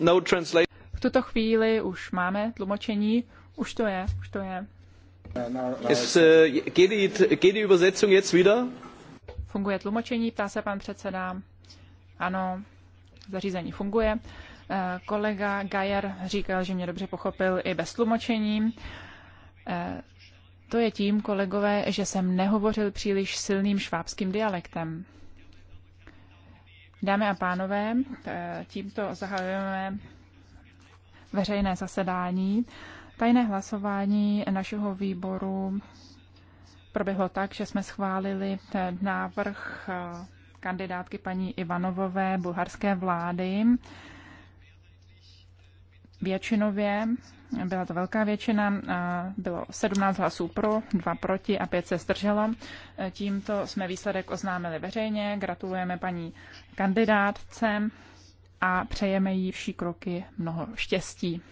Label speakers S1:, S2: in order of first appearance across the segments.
S1: No
S2: v tuto chvíli už máme tlumočení. Už to je, už to je.
S1: Es, äh, uh, geht, die, geht
S2: die Übersetzung jetzt wieder? Funguje tlumočení, ptá se pan předseda. Ano, zařízení funguje. Eh, kolega Gajer říkal, že mě dobře pochopil i bez tlumočení. Eh, to je tím, kolegové, že jsem nehovořil příliš silným švábským dialektem. Dámy a pánové, tímto zahajujeme veřejné zasedání. Tajné hlasování našeho výboru proběhlo tak, že jsme schválili ten návrh eh, kandidátky paní Ivanovové bulharské vlády většinově, byla to velká většina, bylo 17 hlasů pro, 2 proti a 5 se zdrželo. Tímto jsme výsledek oznámili veřejně, gratulujeme paní kandidátce a přejeme jí vší kroky mnoho štěstí.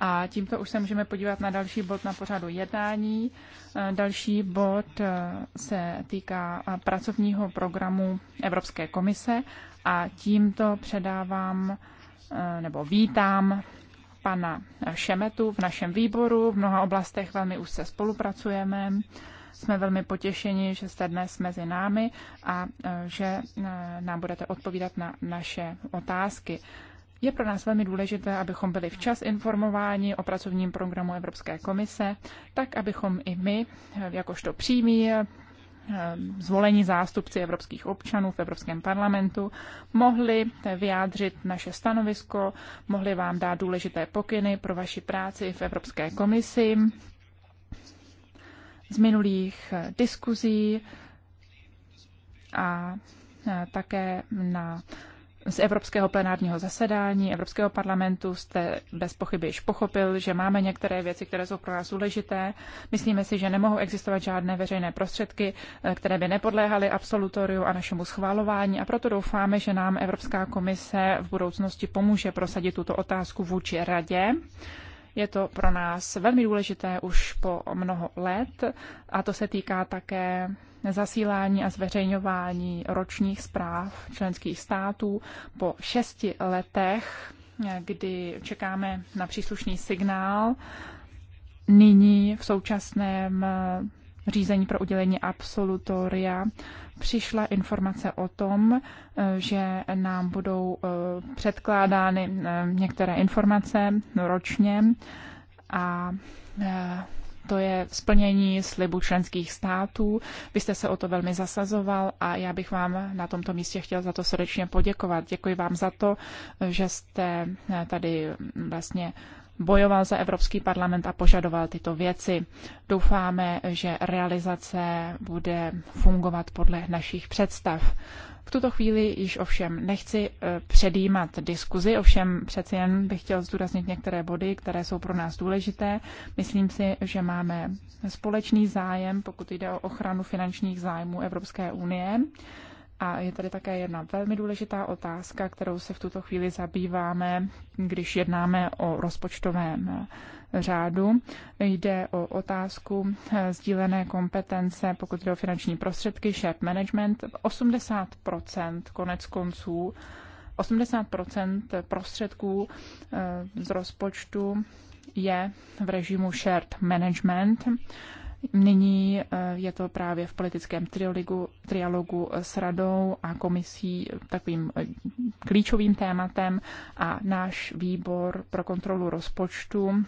S2: A tímto už se můžeme podívat na další bod na pořadu jednání. Další bod e, se týká e, pracovního programu Evropské komise a tímto předávám Eh, nebo vítám pana Šemetu v našem výboru. V mnoha oblastech velmi úzce spolupracujeme. Jsme velmi potěšeni, že jste dnes mezi námi a eh, že eh, nám budete odpovídat na naše otázky. Je pro nás velmi důležité, abychom byli včas informováni o pracovním programu Evropské komise, tak abychom i my, jakožto přímí Ehm, zvolení zástupci evropských občanů v Evropském parlamentu mohli vyjádřit naše stanovisko, mohli vám dát důležité pokyny pro vaši práci v Evropské komisi. Z minulých eh, diskuzí a eh, také na z evropského plenárního zasedání Evropského parlamentu jste bez pochyby již pochopil, že máme některé věci, které jsou pro nás důležité. Myslíme si, že nemohou existovat žádné veřejné prostředky, eh, které by nepodléhaly absolutoriu a našemu schválování a proto doufáme, že nám Evropská komise v budoucnosti pomůže prosadit tuto otázku vůči radě. Je to pro nás velmi důležité už po mnoho let a to se týká také zasílání a zveřejňování ročních zpráv členských států po šesti letech, kdy čekáme na příslušný signál. Nyní v současném eh, řízení pro udělení absolutoria přišla informace o tom, eh, že nám budou eh, předkládány některé informace ročně a to je splnění slibu členských států. Vy jste se o to velmi zasazoval a já bych vám na tomto místě chtěl za to srdečně poděkovat. Děkuji vám za to, že jste eh, tady mm, vlastně bojoval za Evropský parlament a požadoval tyto věci. Doufáme, že realizace bude fungovat podle našich představ. V tuto chvíli již ovšem nechci eh, předjímat diskuzi, ovšem přeci jen bych chtěl zdůraznit některé body, které jsou pro nás důležité. Myslím si, že máme společný zájem, pokud jde o ochranu finančních zájmů Evropské unie. A je tady také jedna velmi důležitá otázka, kterou se v tuto chvíli zabýváme, když jednáme o rozpočtovém řádu. Jde o otázku sdílené kompetence, pokud jde o finanční prostředky, shared management. 80 konec konců 80 prostředků eh, z rozpočtu je v režimu shared management. Nyní eh, je to právě v politickém trialogu, trialogu s radou a komisí takovým eh, klíčovým tématem a náš výbor pro kontrolu rozpočtu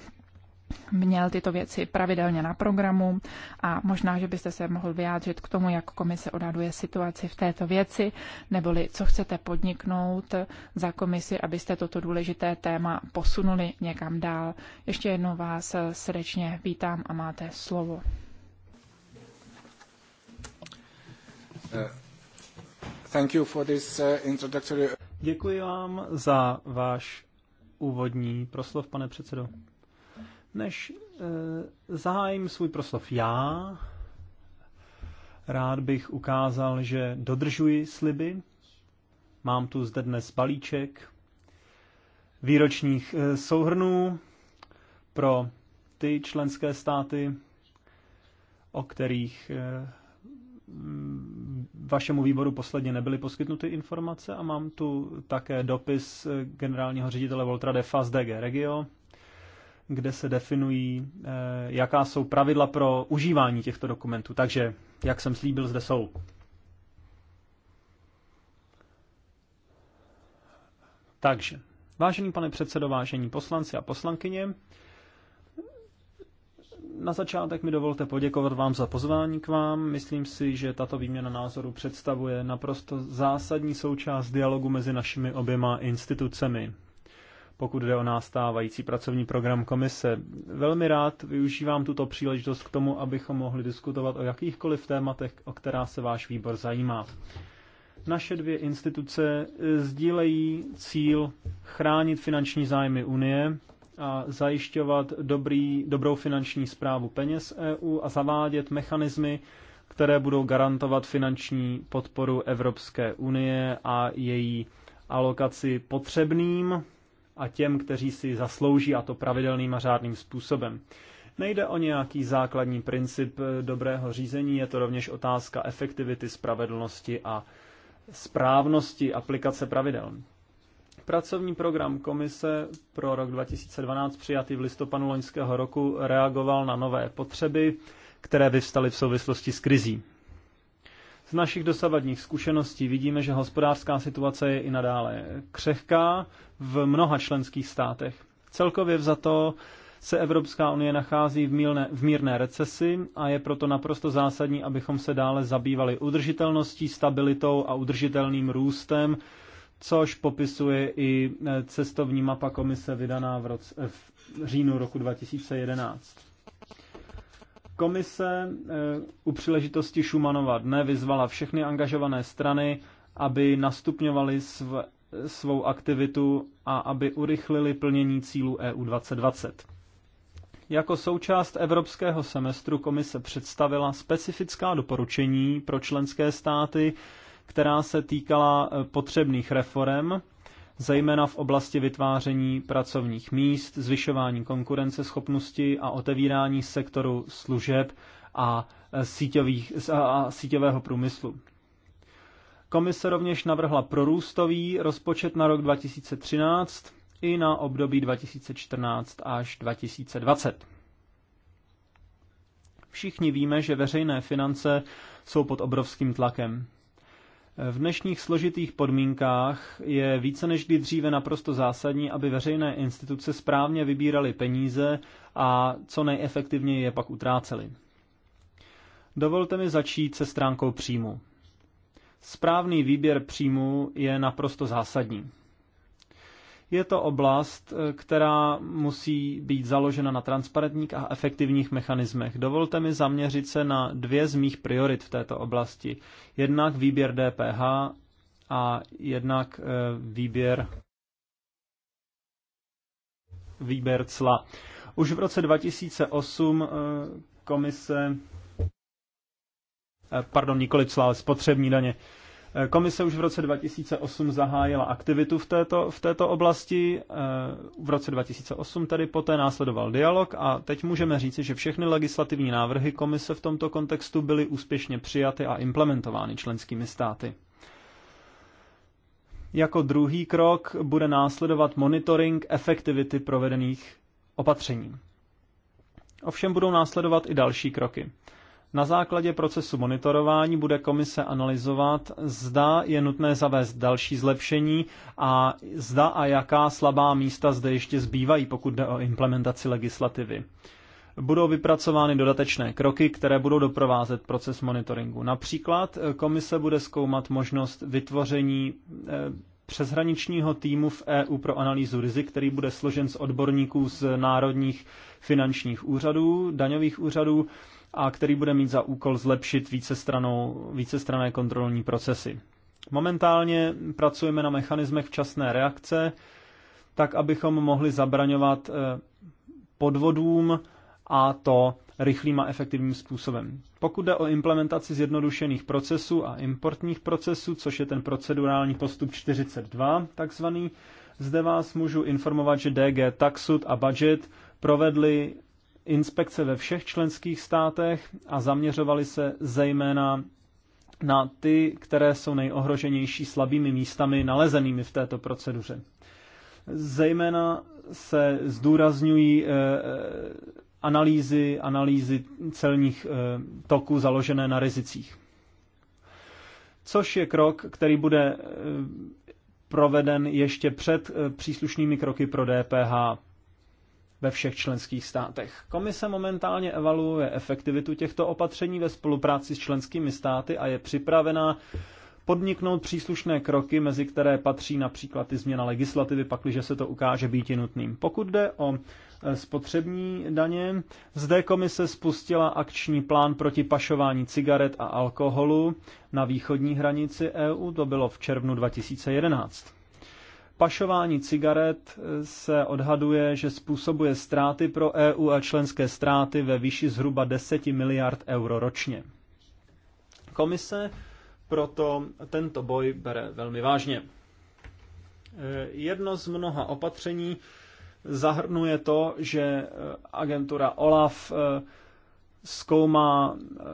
S2: měl tyto věci pravidelně na programu a možná, že byste se mohl vyjádřit k tomu, jak komise odhaduje situaci v této věci, neboli co chcete podniknout za komisi, abyste toto důležité téma posunuli někam dál. Ještě jednou vás srdečně vítám a máte slovo.
S3: Uh, uh,
S1: Děkuji vám za váš úvodní proslov, pane předsedo. Než eh, zahájím svůj proslov já, rád bych ukázal, že dodržuji sliby. Mám tu zde dnes balíček výročních eh, souhrnů pro ty členské státy, o kterých eh, vašemu výboru posledně nebyly poskytnuty informace a mám tu také dopis eh, generálního ředitele Voltra de FAS DG Regio, kde se definují, eh, jaká jsou pravidla pro užívání těchto dokumentů. Takže, jak jsem slíbil, zde jsou. Takže, vážený pane předsedo, vážení poslanci a poslankyně, na začátek mi dovolte poděkovat vám za pozvání k vám. Myslím si, že tato výměna názoru představuje naprosto zásadní součást dialogu mezi našimi oběma institucemi. Pokud jde o nástávající pracovní program komise, velmi rád využívám tuto příležitost k tomu, abychom mohli diskutovat o jakýchkoliv tématech, o která se váš výbor zajímá. Naše dvě instituce eh, sdílejí cíl chránit finanční zájmy Unie a zajišťovat dobrý, dobrou finanční zprávu peněz EU a zavádět mechanismy, které budou garantovat finanční podporu Evropské unie a její alokaci potřebným a těm, kteří si zaslouží a to pravidelným a řádným způsobem. Nejde o nějaký základní princip eh, dobrého řízení, je to rovněž otázka efektivity, spravedlnosti a správnosti aplikace pravidel. Pracovní program komise pro rok 2012 přijatý v listopadu loňského roku reagoval na nové potřeby, které vyvstaly v souvislosti s krizí. Z našich dosavadních zkušeností vidíme, že hospodářská situace je i nadále křehká v mnoha členských státech. Celkově vzato se Evropská unie nachází v, mílne, v mírné recesi a je proto naprosto zásadní, abychom se dále zabývali udržitelností, stabilitou a udržitelným růstem což popisuje i e, cestovní mapa komise vydaná v, roce, v říjnu roku 2011. Komise e, u příležitosti Šumanova dne vyzvala všechny angažované strany, aby nastupňovali sv, svou aktivitu a aby urychlili plnění cílů EU 2020. Jako součást evropského semestru komise představila specifická doporučení pro členské státy, která se týkala eh, potřebných reform, zejména v oblasti vytváření pracovních míst, zvyšování konkurenceschopnosti a otevírání sektoru služeb a, eh, síťových, a síťového průmyslu. Komise rovněž navrhla prorůstový rozpočet na rok 2013 i na období 2014 až 2020. Všichni víme, že veřejné finance jsou pod obrovským tlakem. V dnešních složitých podmínkách je více než kdy dříve naprosto zásadní, aby veřejné instituce správně vybíraly peníze a co nejefektivněji je pak utrácely. Dovolte mi začít se stránkou příjmu. Správný výběr příjmu je naprosto zásadní. Je to oblast, eh, která musí být založena na transparentních a efektivních mechanismech. Dovolte mi zaměřit se na dvě z mých priorit v této oblasti. Jednak výběr DPH a jednak eh, výběr výběr cla. Už v roce 2008 eh, komise, pardon, nikoli cla, ale spotřební daně, Komise už v roce 2008 zahájila aktivitu v této, v této oblasti. Eh, v roce 2008 tedy poté následoval dialog a teď můžeme říci, že všechny legislativní návrhy komise v tomto kontextu byly úspěšně přijaty a implementovány členskými státy. Jako druhý krok bude následovat monitoring efektivity provedených opatření. Ovšem budou následovat i další kroky. Na základě procesu monitorování bude komise analyzovat, zda je nutné zavést další zlepšení a zda a jaká slabá místa zde ještě zbývají, pokud jde o implementaci legislativy. Budou vypracovány dodatečné kroky, které budou doprovázet proces monitoringu. Například eh, komise bude zkoumat možnost vytvoření eh, přeshraničního týmu v EU pro analýzu rizik, který bude složen z odborníků z národních finančních úřadů, daňových úřadů, a který bude mít za úkol zlepšit vícestranou, vícestrané kontrolní procesy. Momentálně pracujeme na mechanismech včasné reakce, tak abychom mohli zabraňovat eh, podvodům a to rychlým a efektivním způsobem. Pokud jde o implementaci zjednodušených procesů a importních procesů, což je ten procedurální postup 42 takzvaný, zde vás můžu informovat, že DG Taxud a Budget provedli inspekce ve všech členských státech a zaměřovali se zejména na ty, které jsou nejohroženější slabými místami nalezenými v této proceduře. Zejména se zdůrazňují eh, eh, analýzy, analýzy celních eh, toků založené na rizicích. Což je krok, který bude proveden ještě před příslušnými kroky pro DPH ve všech členských státech. Komise momentálně evaluuje efektivitu těchto opatření ve spolupráci s členskými státy a je připravená podniknout příslušné kroky, mezi které patří například i změna legislativy, pakliže se to ukáže být nutným. Pokud jde o e, spotřební daně, zde komise spustila akční plán proti pašování cigaret a alkoholu na východní hranici EU, to bylo v červnu 2011. Pašování cigaret eh, se odhaduje, že způsobuje ztráty pro EU a členské ztráty ve výši zhruba 10 miliard euro ročně. Komise proto tento boj bere velmi vážně. Eh, jedno z mnoha opatření zahrnuje to, že eh, agentura OLAF zkoumá eh,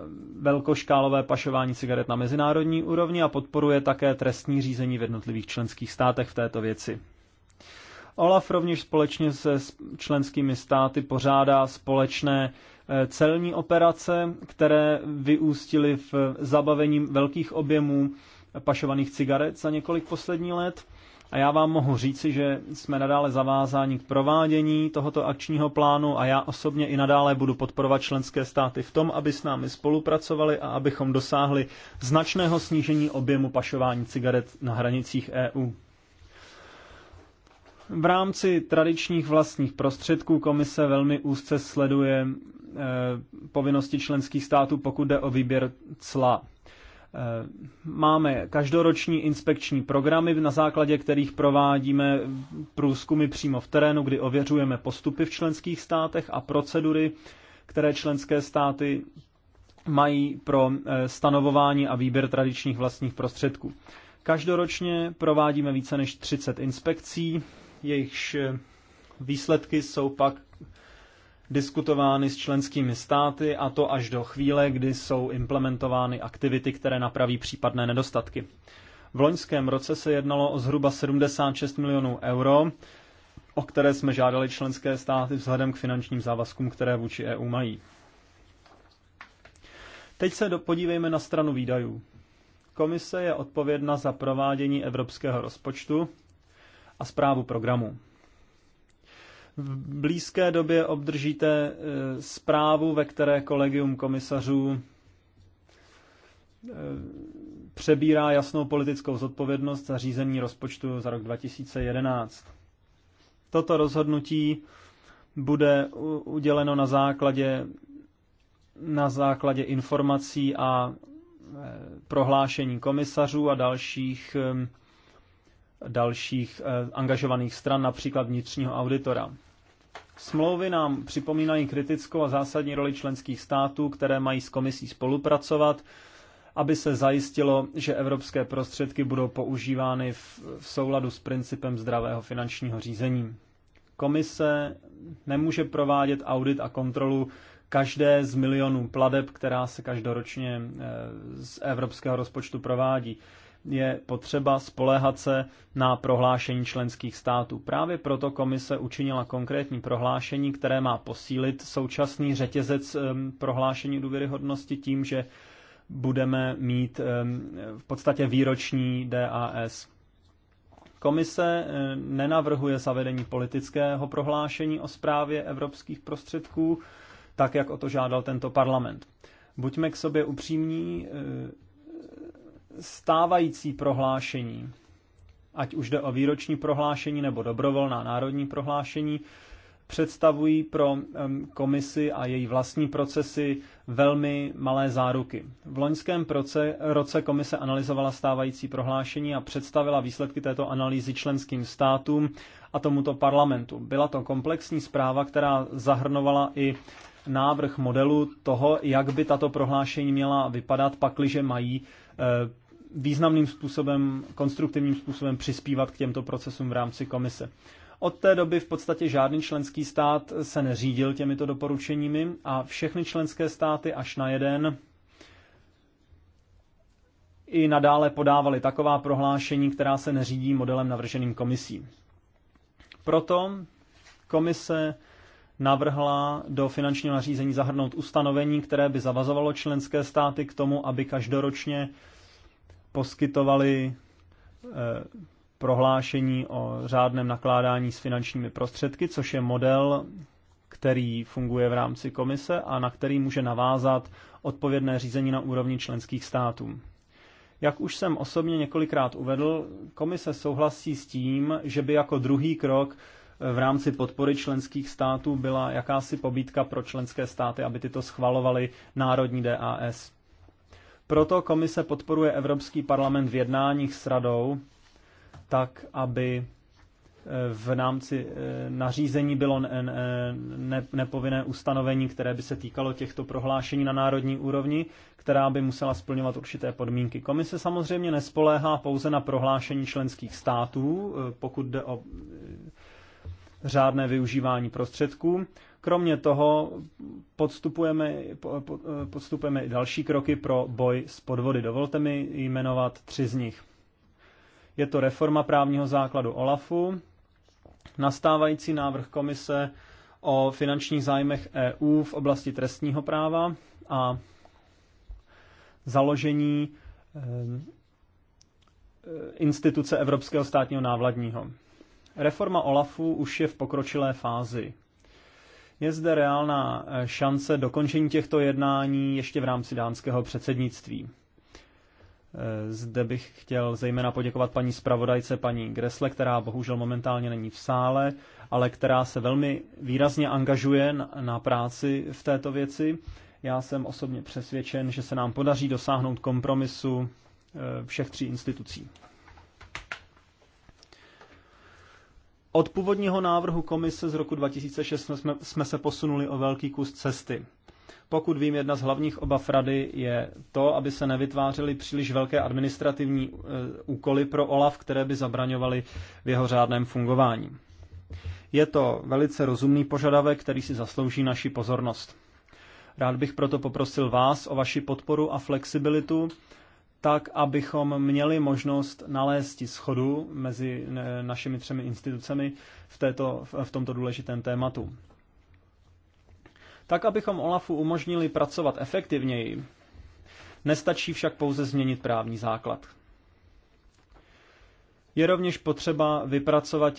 S1: velkoškálové pašování cigaret na mezinárodní úrovni a podporuje také trestní řízení v jednotlivých členských státech v této věci. OLAF rovněž společně se členskými státy pořádá společné eh, celní operace, které vyústily v zabavení velkých objemů pašovaných cigaret za několik posledních let a já vám mohu říci, že jsme nadále zavázáni k provádění tohoto akčního plánu a já osobně i nadále budu podporovat členské státy v tom, aby s námi spolupracovali a abychom dosáhli značného snížení objemu pašování cigaret na hranicích EU. V rámci tradičních vlastních prostředků komise velmi úzce sleduje e, povinnosti členských států, pokud jde o výběr cla. Eh, máme každoroční inspekční programy, na základě kterých provádíme průzkumy přímo v terénu, kdy ověřujeme postupy v členských státech a procedury, které členské státy mají pro eh, stanovování a výběr tradičních vlastních prostředků. Každoročně provádíme více než 30 inspekcí, jejichž eh, výsledky jsou pak diskutovány s členskými státy a to až do chvíle, kdy jsou implementovány aktivity, které napraví případné nedostatky. V loňském roce se jednalo o zhruba 76 milionů euro, o které jsme žádali členské státy vzhledem k finančním závazkům, které vůči EU mají. Teď se podívejme na stranu výdajů. Komise je odpovědna za provádění evropského rozpočtu a zprávu programu. V blízké době obdržíte eh, zprávu, ve které kolegium komisařů eh, přebírá jasnou politickou zodpovědnost za řízení rozpočtu za rok 2011. Toto rozhodnutí bude uděleno na základě, na základě informací a eh, prohlášení komisařů a dalších, dalších angažovaných stran, například vnitřního auditora. Smlouvy nám připomínají kritickou a zásadní roli členských států, které mají s komisí spolupracovat, aby se zajistilo, že evropské prostředky budou používány v, v souladu s principem zdravého finančního řízení. Komise nemůže provádět audit a kontrolu každé z milionů pladeb, která se každoročně eh, z evropského rozpočtu provádí je potřeba spoléhat se na prohlášení členských států. Právě proto komise učinila konkrétní prohlášení, které má posílit současný řetězec prohlášení důvěryhodnosti tím, že budeme mít v podstatě výroční DAS. Komise nenavrhuje zavedení politického prohlášení o zprávě evropských prostředků, tak jak o to žádal tento parlament. Buďme k sobě upřímní, stávající prohlášení, ať už jde o výroční prohlášení nebo dobrovolná národní prohlášení, představují pro komisi a její vlastní procesy velmi malé záruky. V loňském proce, roce komise analyzovala stávající prohlášení a představila výsledky této analýzy členským státům a tomuto parlamentu. Byla to komplexní zpráva, která zahrnovala i návrh modelu toho, jak by tato prohlášení měla vypadat, pakliže mají eh, významným způsobem, konstruktivním způsobem přispívat k těmto procesům v rámci komise. Od té doby v podstatě žádný členský stát se neřídil těmito doporučeními a všechny členské státy až na jeden i nadále podávali taková prohlášení, která se neřídí modelem navrženým komisí. Proto komise navrhla do finančního nařízení zahrnout ustanovení, které by zavazovalo členské státy k tomu, aby každoročně poskytovali eh, prohlášení o řádném nakládání s finančními prostředky, což je model, který funguje v rámci komise a na který může navázat odpovědné řízení na úrovni členských států. Jak už jsem osobně několikrát uvedl, komise souhlasí s tím, že by jako druhý krok eh, v rámci podpory členských států byla jakási pobídka pro členské státy, aby tyto schvalovaly národní DAS. Proto komise podporuje Evropský parlament v jednáních s radou, tak aby e, v námci e, nařízení bylo e, nepovinné ustanovení, které by se týkalo těchto prohlášení na národní úrovni, která by musela splňovat určité podmínky. Komise samozřejmě nespoléhá pouze na prohlášení členských států, pokud jde o řádné využívání prostředků. Kromě toho podstupujeme, podstupujeme i další kroky pro boj s podvody. Dovolte mi jmenovat tři z nich. Je to reforma právního základu OLAFu, nastávající návrh komise o finančních zájmech EU v oblasti trestního práva a založení eh, instituce Evropského státního návladního. Reforma OLAFu už je v pokročilé fázi. Je zde reálná eh, šance dokončení těchto jednání ještě v rámci dánského předsednictví. Eh, zde bych chtěl zejména poděkovat paní zpravodajce, paní Gresle, která bohužel momentálně není v sále, ale která se velmi výrazně angažuje na, na práci v této věci. Já jsem osobně přesvědčen, že se nám podaří dosáhnout kompromisu eh, všech tří institucí. Od původního návrhu komise z roku 2006 jsme, jsme se posunuli o velký kus cesty. Pokud vím, jedna z hlavních obav rady je to, aby se nevytvářely příliš velké administrativní eh, úkoly pro OLAF, které by zabraňovaly v jeho řádném fungování. Je to velice rozumný požadavek, který si zaslouží naši pozornost. Rád bych proto poprosil vás o vaši podporu a flexibilitu tak abychom měli možnost nalézt schodu mezi našimi třemi institucemi v, této, v tomto důležitém tématu. Tak, abychom OLAFu umožnili pracovat efektivněji, nestačí však pouze změnit právní základ. Je rovněž potřeba vypracovat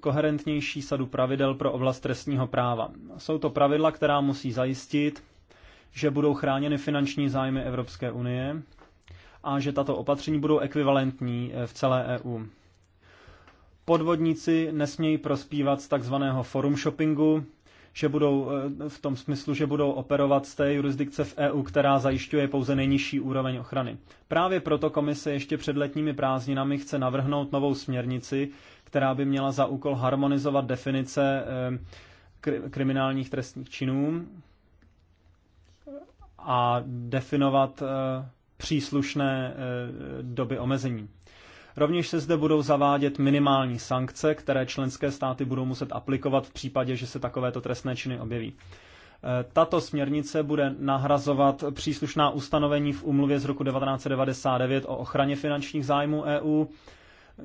S1: koherentnější sadu pravidel pro oblast trestního práva. Jsou to pravidla, která musí zajistit, že budou chráněny finanční zájmy Evropské unie, a že tato opatření budou ekvivalentní eh, v celé EU. Podvodníci nesmějí prospívat z takzvaného forum shoppingu, že budou eh, v tom smyslu, že budou operovat z té jurisdikce v EU, která zajišťuje pouze nejnižší úroveň ochrany. Právě proto komise ještě před letními prázdninami chce navrhnout novou směrnici, která by měla za úkol harmonizovat definice eh, kriminálních trestních činů a definovat příslušné eh, doby omezení. Rovněž se zde budou zavádět minimální sankce, které členské státy budou muset aplikovat v případě, že se takovéto trestné činy objeví. Eh, tato směrnice bude nahrazovat příslušná ustanovení v umluvě z roku 1999 o ochraně finančních zájmů EU,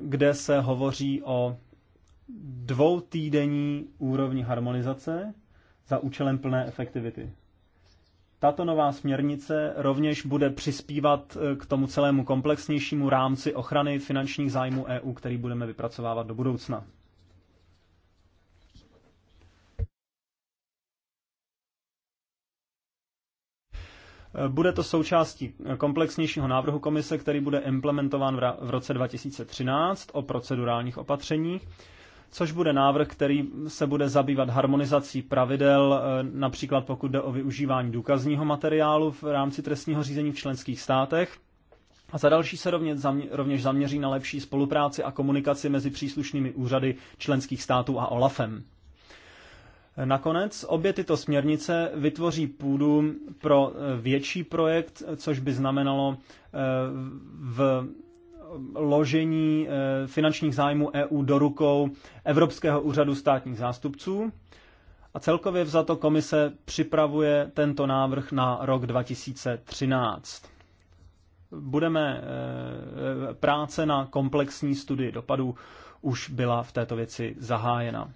S1: kde se hovoří o dvou týdenní úrovni harmonizace za účelem plné efektivity. Tato nová směrnice rovněž bude přispívat eh, k tomu celému komplexnějšímu rámci ochrany finančních zájmů EU, který budeme vypracovávat do budoucna. Eh, bude to součástí eh, komplexnějšího návrhu komise, který bude implementován v roce 2013 o procedurálních opatřeních což bude návrh, který se bude zabývat harmonizací pravidel, eh, například pokud jde o využívání důkazního materiálu v rámci trestního řízení v členských státech. A za další se rovněž zaměří na lepší spolupráci a komunikaci mezi příslušnými úřady členských států a OLAFem. Nakonec obě tyto směrnice vytvoří půdu pro eh, větší projekt, což by znamenalo eh, v ložení eh, finančních zájmů EU do rukou Evropského úřadu státních zástupců. A celkově vzato komise připravuje tento návrh na rok 2013. Budeme eh, práce na komplexní studii dopadů už byla v této věci zahájena.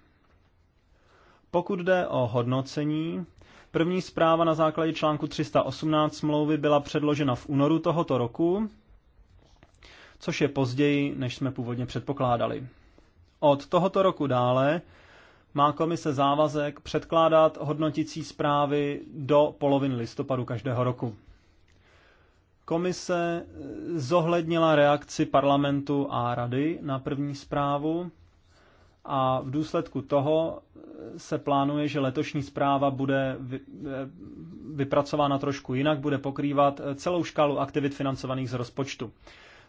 S1: Pokud jde o hodnocení, první zpráva na základě článku 318 smlouvy byla předložena v únoru tohoto roku což je později, než jsme původně předpokládali. Od tohoto roku dále má komise závazek předkládat hodnotící zprávy do poloviny listopadu každého roku. Komise zohlednila reakci parlamentu a rady na první zprávu a v důsledku toho se plánuje, že letošní zpráva bude eh, vypracována trošku jinak, bude pokrývat celou škálu aktivit financovaných z rozpočtu.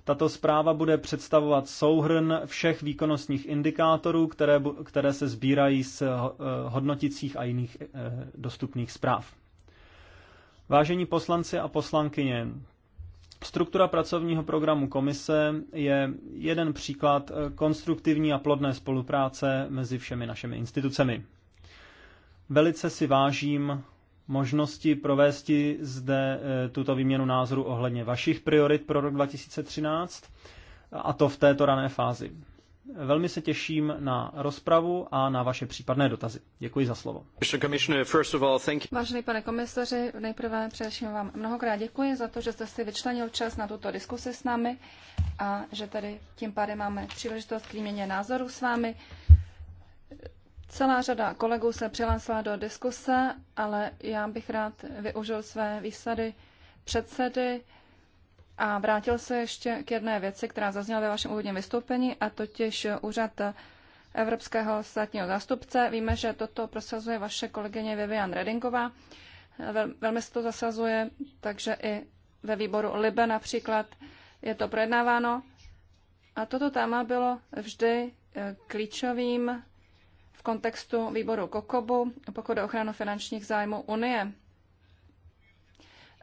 S1: Tato zpráva bude představovat souhrn všech výkonnostních indikátorů, které, které se sbírají z eh, hodnoticích a jiných eh, dostupných zpráv. Vážení poslanci a poslankyně, Struktura pracovního programu komise je jeden příklad eh, konstruktivní a plodné spolupráce mezi všemi našimi institucemi. Velice si vážím možnosti provést zde eh, tuto výměnu názoru ohledně vašich priorit pro rok 2013 a to v této rané fázi. Velmi se těším na rozpravu a na vaše případné dotazy. Děkuji za slovo.
S3: Vážený pane komisaři, nejprve především vám mnohokrát děkuji za to, že jste si vyčlenil čas na tuto diskusi s námi a že tady tím pádem máme příležitost k výměně názorů s vámi. Celá řada kolegů se přihlásila do diskuse, ale já bych rád využil své výsady předsedy a vrátil se ještě k jedné věci, která zazněla ve vašem úvodním vystoupení, a totiž úřad Evropského státního zástupce. Víme, že toto prosazuje vaše kolegyně Vivian Redingová. Velmi se to zasazuje, takže i ve výboru Libe například je to projednáváno. A toto téma bylo vždy eh, klíčovým v kontextu výboru Kokobu, pokud o ochranu finančních zájmů Unie.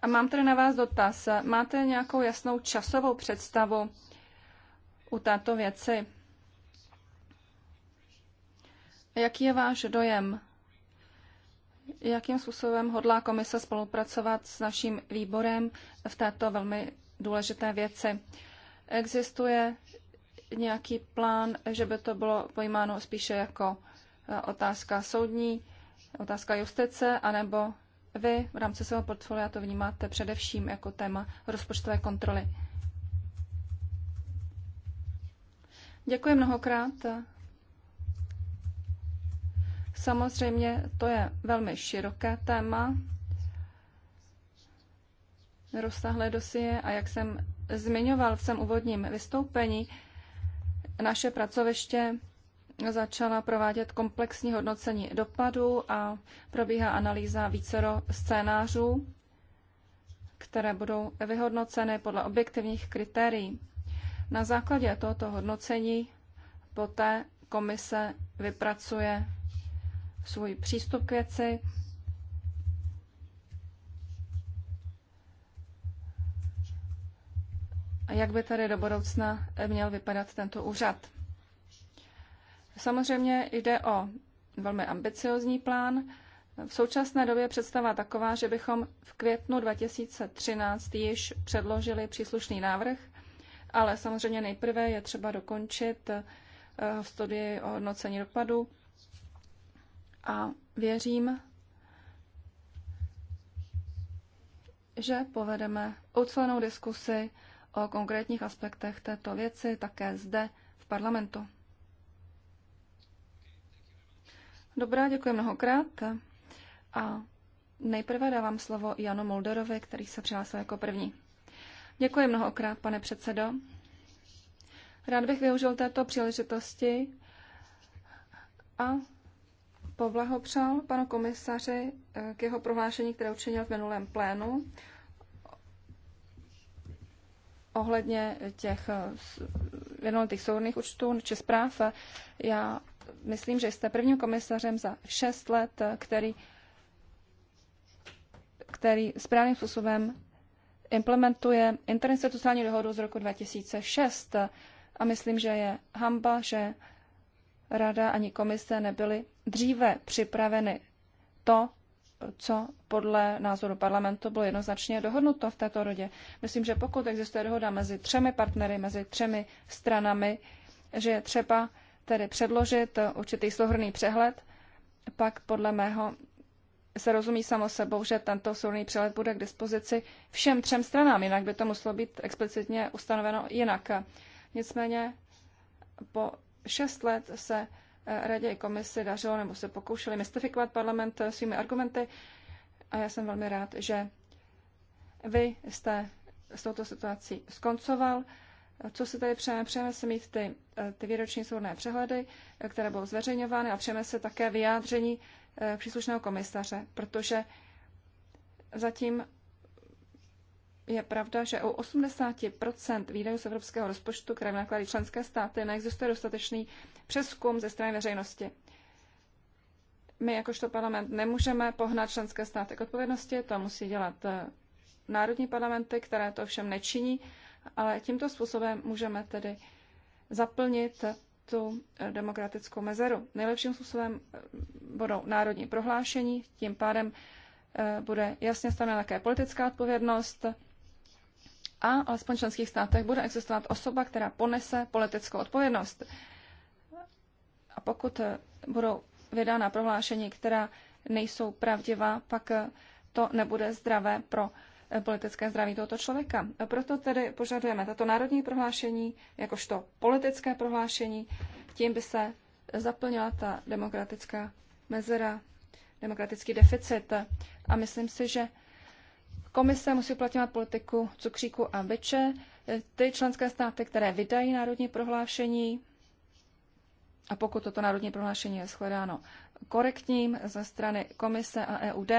S3: A mám tedy na vás dotaz. Máte nějakou jasnou časovou představu u této věci? Jaký je váš dojem? Jakým způsobem hodlá komise spolupracovat s naším výborem v této velmi důležité věci? Existuje nějaký plán, že by to bylo pojímáno spíše jako otázka soudní, otázka justice, anebo vy v rámci svého portfolia to vnímáte především jako téma rozpočtové kontroly. Děkuji mnohokrát. Samozřejmě to je velmi široké téma, rozsáhlé dosie a jak jsem zmiňoval v svém úvodním vystoupení, naše pracoviště začala provádět komplexní hodnocení dopadu a probíhá analýza vícero scénářů, které budou vyhodnoceny podle objektivních kritérií. Na základě tohoto hodnocení poté komise vypracuje svůj přístup k věci, jak by tady do budoucna měl vypadat tento úřad. Samozřejmě jde o velmi ambiciozní plán. V současné době představa taková, že bychom v květnu 2013 již předložili příslušný návrh, ale samozřejmě nejprve je třeba dokončit v eh, studii o hodnocení dopadu a věřím, že povedeme ucelenou diskusi o konkrétních aspektech této věci také zde v parlamentu. Dobrá, děkuji mnohokrát. A nejprve dávám slovo Janu Mulderovi, který se přihlásil jako první. Děkuji mnohokrát, pane předsedo. Rád bych využil této příležitosti a poblahopřál panu komisaři eh, k jeho prohlášení, které učinil v minulém plénu ohledně těch eh, jednotlivých soudných účtů či zpráv. Já myslím, že jste prvním komisařem za šest let, který, který správným způsobem implementuje interinstitucionální dohodu z roku 2006 a myslím, že je hamba, že rada ani komise nebyly dříve připraveny to, co podle názoru parlamentu bylo jednoznačně dohodnuto v této rodě. Myslím, že pokud existuje dohoda mezi třemi partnery, mezi třemi stranami, že je třeba tedy předložit určitý souhrný přehled, pak podle mého se rozumí samo sebou, že tento souhrný přehled bude k dispozici všem třem stranám, jinak by to muselo být explicitně ustanoveno jinak. Nicméně po šest let se eh, radě i komisi dařilo nebo se pokoušeli mystifikovat parlament eh, svými argumenty a já jsem velmi rád, že vy jste s touto situací skoncoval co si tady přejeme? Přejeme si mít ty, eh, ty výroční soudné přehledy, eh, které budou zveřejňovány a přejeme se také vyjádření eh, příslušného komisaře, protože zatím je pravda, že u 80 výdajů z evropského rozpočtu, které nakládají členské státy, neexistuje dostatečný přeskum ze strany veřejnosti. My jakožto parlament nemůžeme pohnat členské státy k odpovědnosti, to musí dělat národní parlamenty, které to všem nečiní ale tímto způsobem můžeme tedy zaplnit tu eh, demokratickou mezeru. Nejlepším způsobem eh, budou národní prohlášení, tím pádem eh, bude jasně stanovena také politická odpovědnost a alespoň v členských státech bude existovat osoba, která ponese politickou odpovědnost. A pokud budou vydána prohlášení, která nejsou pravdivá, pak to nebude zdravé pro Eh, politické zdraví tohoto člověka. Proto tedy požadujeme tato národní prohlášení jakožto politické prohlášení. Tím by se zaplnila ta demokratická mezera, demokratický deficit. A myslím si, že komise musí uplatňovat politiku cukříku a byče. Eh, ty členské státy, které vydají národní prohlášení, a pokud toto národní prohlášení je shledáno korektním ze strany komise a EUD,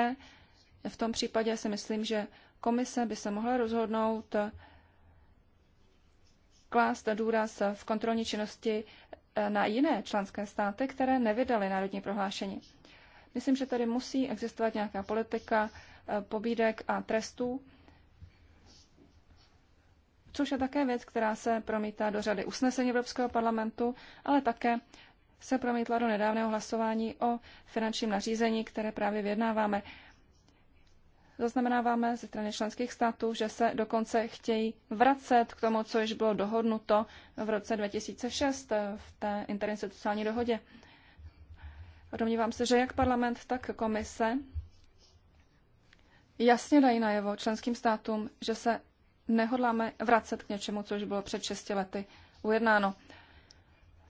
S3: v tom případě si myslím, že komise by se mohla rozhodnout eh, klást důraz v kontrolní činnosti eh, na jiné členské státy, které nevydaly národní prohlášení. Myslím, že tady musí existovat nějaká politika eh, pobídek a trestů, což je také věc, která se promítá do řady usnesení Evropského parlamentu, ale také se promítla do nedávného hlasování o finančním nařízení, které právě vyjednáváme zaznamenáváme ze strany členských států, že se dokonce chtějí vracet k tomu, co již bylo dohodnuto v roce 2006 v té interinstitucionální dohodě. Domnívám se, že jak parlament, tak komise jasně dají najevo členským státům, že se nehodláme vracet k něčemu, co už bylo před 6 lety ujednáno.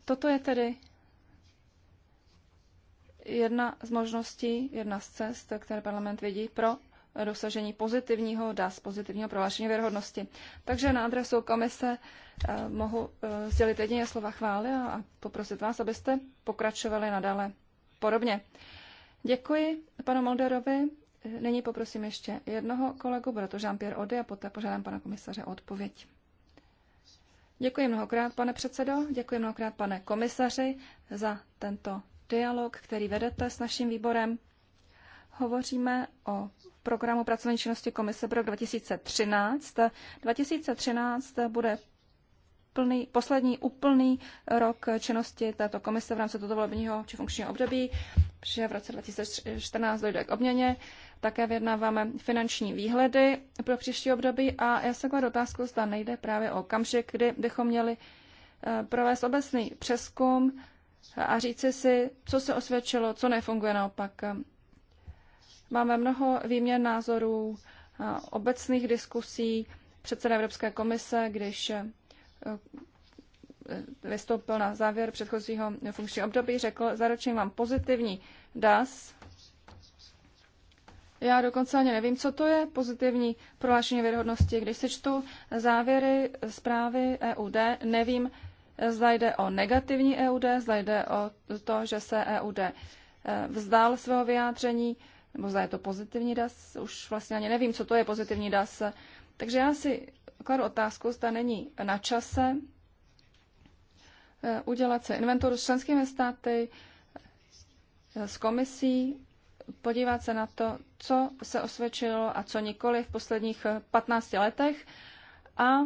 S3: Toto je tedy jedna z možností, jedna z cest, které parlament vidí pro dosažení pozitivního DAS, pozitivního prohlášení věrohodnosti. Takže na adresu komise eh, mohu eh, sdělit jedině slova chvály a poprosit vás, abyste pokračovali nadále podobně. Děkuji panu Molderovi. Nyní poprosím ještě jednoho kolegu, bude to Jean-Pierre Ody a poté požádám pana komisaře o odpověď. Děkuji mnohokrát, pane předsedo, děkuji mnohokrát, pane komisaři, za tento dialog, který vedete s naším výborem. Hovoříme o programu pracovní činnosti komise pro 2013. 2013 bude plný, poslední úplný rok činnosti této komise v rámci toto volebního či funkčního období, protože v roce 2014 dojde k obměně. Také vyjednáváme finanční výhledy pro příští období a já se kladu otázku, zda nejde právě o okamžik, kdy bychom měli eh, provést obecný přeskum a říci si, co se osvědčilo, co nefunguje naopak eh, Máme mnoho výměn názorů, obecných diskusí. Předseda Evropské komise, když e, e, vystoupil na závěr předchozího funkčního období, řekl, zaručím vám pozitivní DAS. Já dokonce ani nevím, co to je pozitivní prohlášení věrohodnosti. Když si čtu závěry zprávy EUD, nevím, zda jde o negativní EUD, zda jde o to, že se EUD e, vzdal svého vyjádření nebo zda je to pozitivní DAS, už vlastně ani nevím, co to je pozitivní DAS. Takže já si kladu otázku, zda není na čase eh, udělat se inventuru s členskými státy, eh, s komisí, podívat se na to, co se osvědčilo a co nikoli v posledních 15 eh, letech a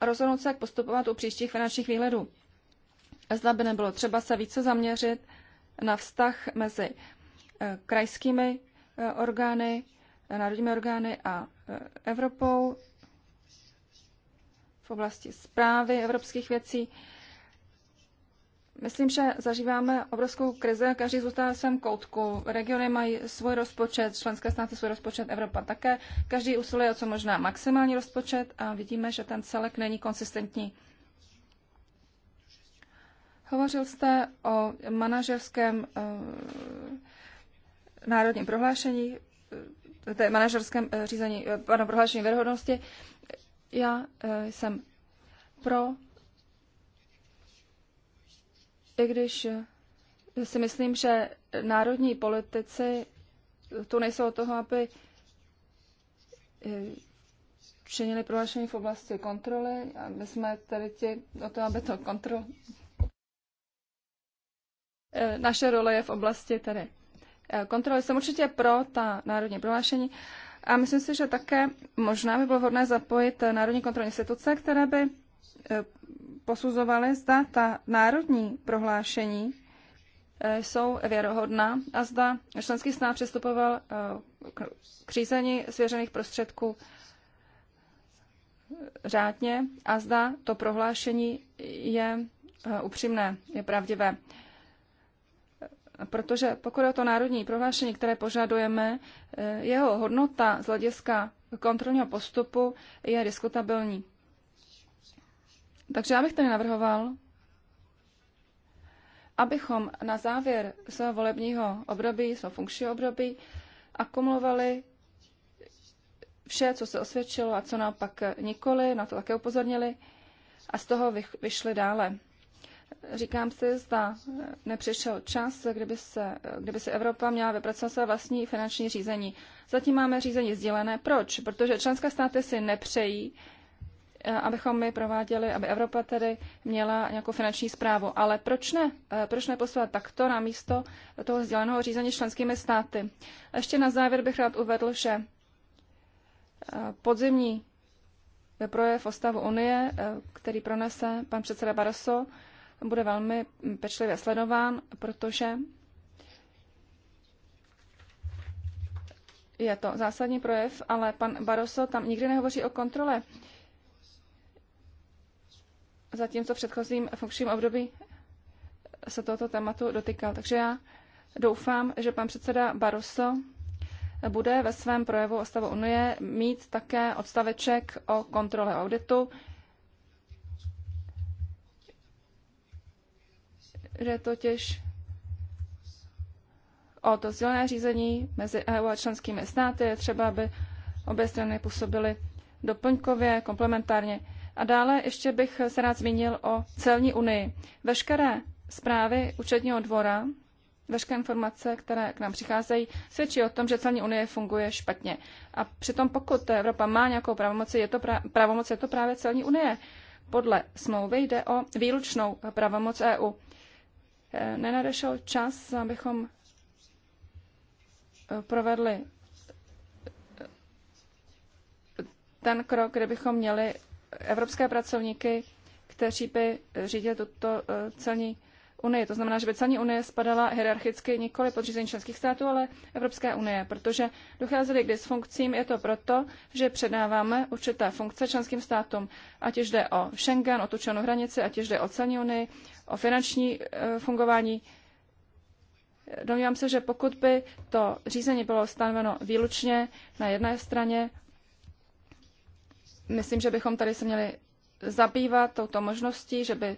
S3: rozhodnout se, jak postupovat u příštích finančních výhledů. Zda by nebylo třeba se více zaměřit na vztah mezi krajskými Eh, orgány, eh, národními orgány a eh, Evropou v oblasti zprávy evropských věcí. Myslím, že zažíváme obrovskou krize, každý zůstává v svém koutku. Regiony mají svůj rozpočet, členské státy svůj rozpočet, Evropa také. Každý usiluje o co možná maximální rozpočet a vidíme, že ten celek není konsistentní. Hovořil jste o manažerském uh, národním prohlášení, eh, té manažerském eh, řízení, eh, pardon, prohlášení verhodnosti. Já jsem pro, i když si myslím, že národní politici tu nejsou od toho, aby činili prohlášení v oblasti kontroly a my jsme tady ti o to, aby to kontrol. Naše role je v oblasti tedy Eh, kontroly. Jsem určitě pro ta národní prohlášení a myslím si, že také možná by bylo vhodné zapojit národní kontrolní instituce, které by eh, posuzovaly, zda ta národní prohlášení eh, jsou věrohodná a zda členský stát přistupoval k řízení svěřených prostředků řádně a zda to prohlášení je upřímné, je pravdivé protože pokud je to národní prohlášení, které požadujeme, eh, jeho hodnota z hlediska kontrolního postupu je diskutabilní. Takže já bych tady navrhoval, abychom na závěr svého volebního období, svého funkčního období, akumulovali vše, co se osvědčilo a co naopak nikoli, na to také upozornili a z toho vyšli dále. Říkám si, zda nepřišel čas, kdyby, se, kdyby se Evropa měla vypracovat své vlastní finanční řízení. Zatím máme řízení sdílené. Proč? Protože členské státy si nepřejí, eh, abychom my prováděli, aby Evropa tedy měla nějakou finanční zprávu. Ale proč ne? Eh, proč ne poslat takto na místo toho sděleného řízení členskými státy? A ještě na závěr bych rád uvedl, že eh, podzimní projev o stavu Unie, který pronese pan předseda Barroso, bude velmi pečlivě sledován, protože je to zásadní projev, ale pan Barroso tam nikdy nehovoří o kontrole. Zatímco v předchozím funkčním období se tohoto tématu dotýkal. Takže já doufám, že pan předseda Barroso bude ve svém projevu o stavu Unie mít také odstaveček o kontrole auditu, že totiž o to silné řízení mezi EU a členskými státy je třeba, aby obě strany působily doplňkově, komplementárně. A dále ještě bych se rád zmínil o celní unii. Veškeré zprávy účetního dvora, veškeré informace, které k nám přicházejí, svědčí o tom, že celní unie funguje špatně. A přitom pokud Evropa má nějakou pravomoc, je to, pra- pravomoc, je to právě celní unie. Podle smlouvy jde o výlučnou pravomoc EU. Eh, nenadešel čas, abychom eh, provedli eh, ten krok, kde bychom měli evropské pracovníky, kteří by řídili tuto celní unii. To znamená, že by celní unie spadala hierarchicky nikoli podřízení členských států, ale Evropské unie, protože docházeli k dysfunkcím. Je to proto, že předáváme určité funkce členským státům, ať už jde o Schengen, o tučenou hranici, ať už jde o celní unii, o finanční eh, fungování. Domnívám se, že pokud by to řízení bylo stanoveno výlučně na jedné straně, myslím, že bychom tady se měli zabývat touto možností, že by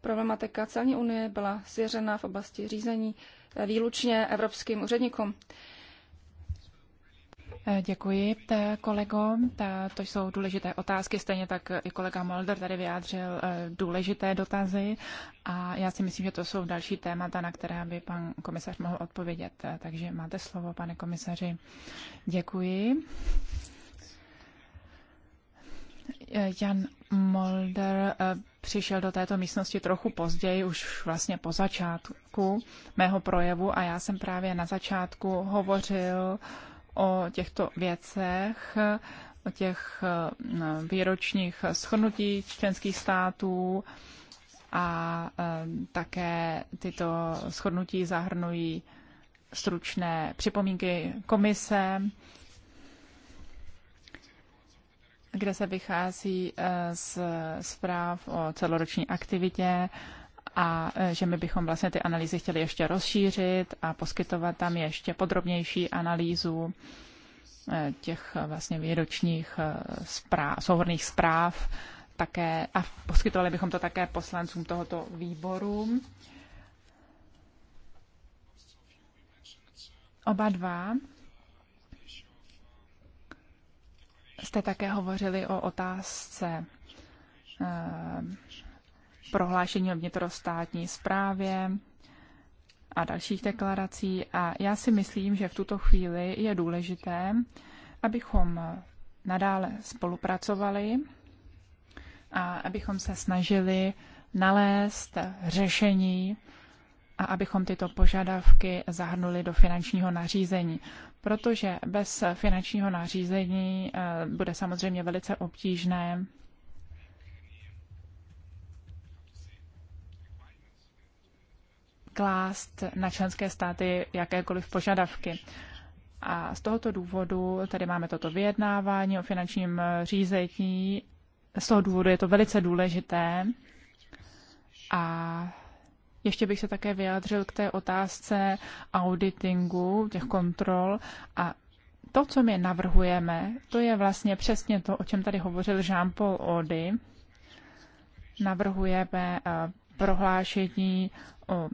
S3: problematika celní unie byla svěřena v oblasti řízení eh, výlučně evropským úředníkům.
S2: Eh, děkuji, kolego. To jsou důležité otázky, stejně tak eh, i kolega Molder tady vyjádřil eh, důležité dotazy a já si myslím, že to jsou další témata, na která by pan komisař mohl odpovědět. Takže máte slovo, pane komisaři. Děkuji. Jan Molder přišel do této místnosti trochu později, už vlastně po začátku mého projevu a já jsem právě na začátku hovořil o těchto věcech, o těch eh, výročních schrnutí členských států a eh, také tyto schrnutí zahrnují stručné připomínky komise, kde se vychází eh, z zpráv o celoroční aktivitě a e, že my bychom vlastně ty analýzy chtěli ještě rozšířit a poskytovat tam ještě podrobnější analýzu e, těch vlastně výročních e, zpráv, souhrných zpráv také, a poskytovali bychom to také poslancům tohoto výboru. Oba dva jste také hovořili o otázce prohlášení o vnitrostátní správě a dalších deklarací. A já si myslím, že v tuto chvíli je důležité, abychom nadále spolupracovali a abychom se snažili nalézt řešení a abychom tyto požadavky zahrnuli do finančního nařízení. Protože bez finančního nařízení eh, bude samozřejmě velice obtížné klást na členské státy jakékoliv požadavky. A z tohoto důvodu tady máme toto vyjednávání o finančním řízení. Z toho důvodu je to velice důležité. A ještě bych se také vyjádřil k té otázce auditingu, těch kontrol a to, co my navrhujeme, to je vlastně přesně to, o čem tady hovořil Jean-Paul Ody. Navrhujeme eh, prohlášení o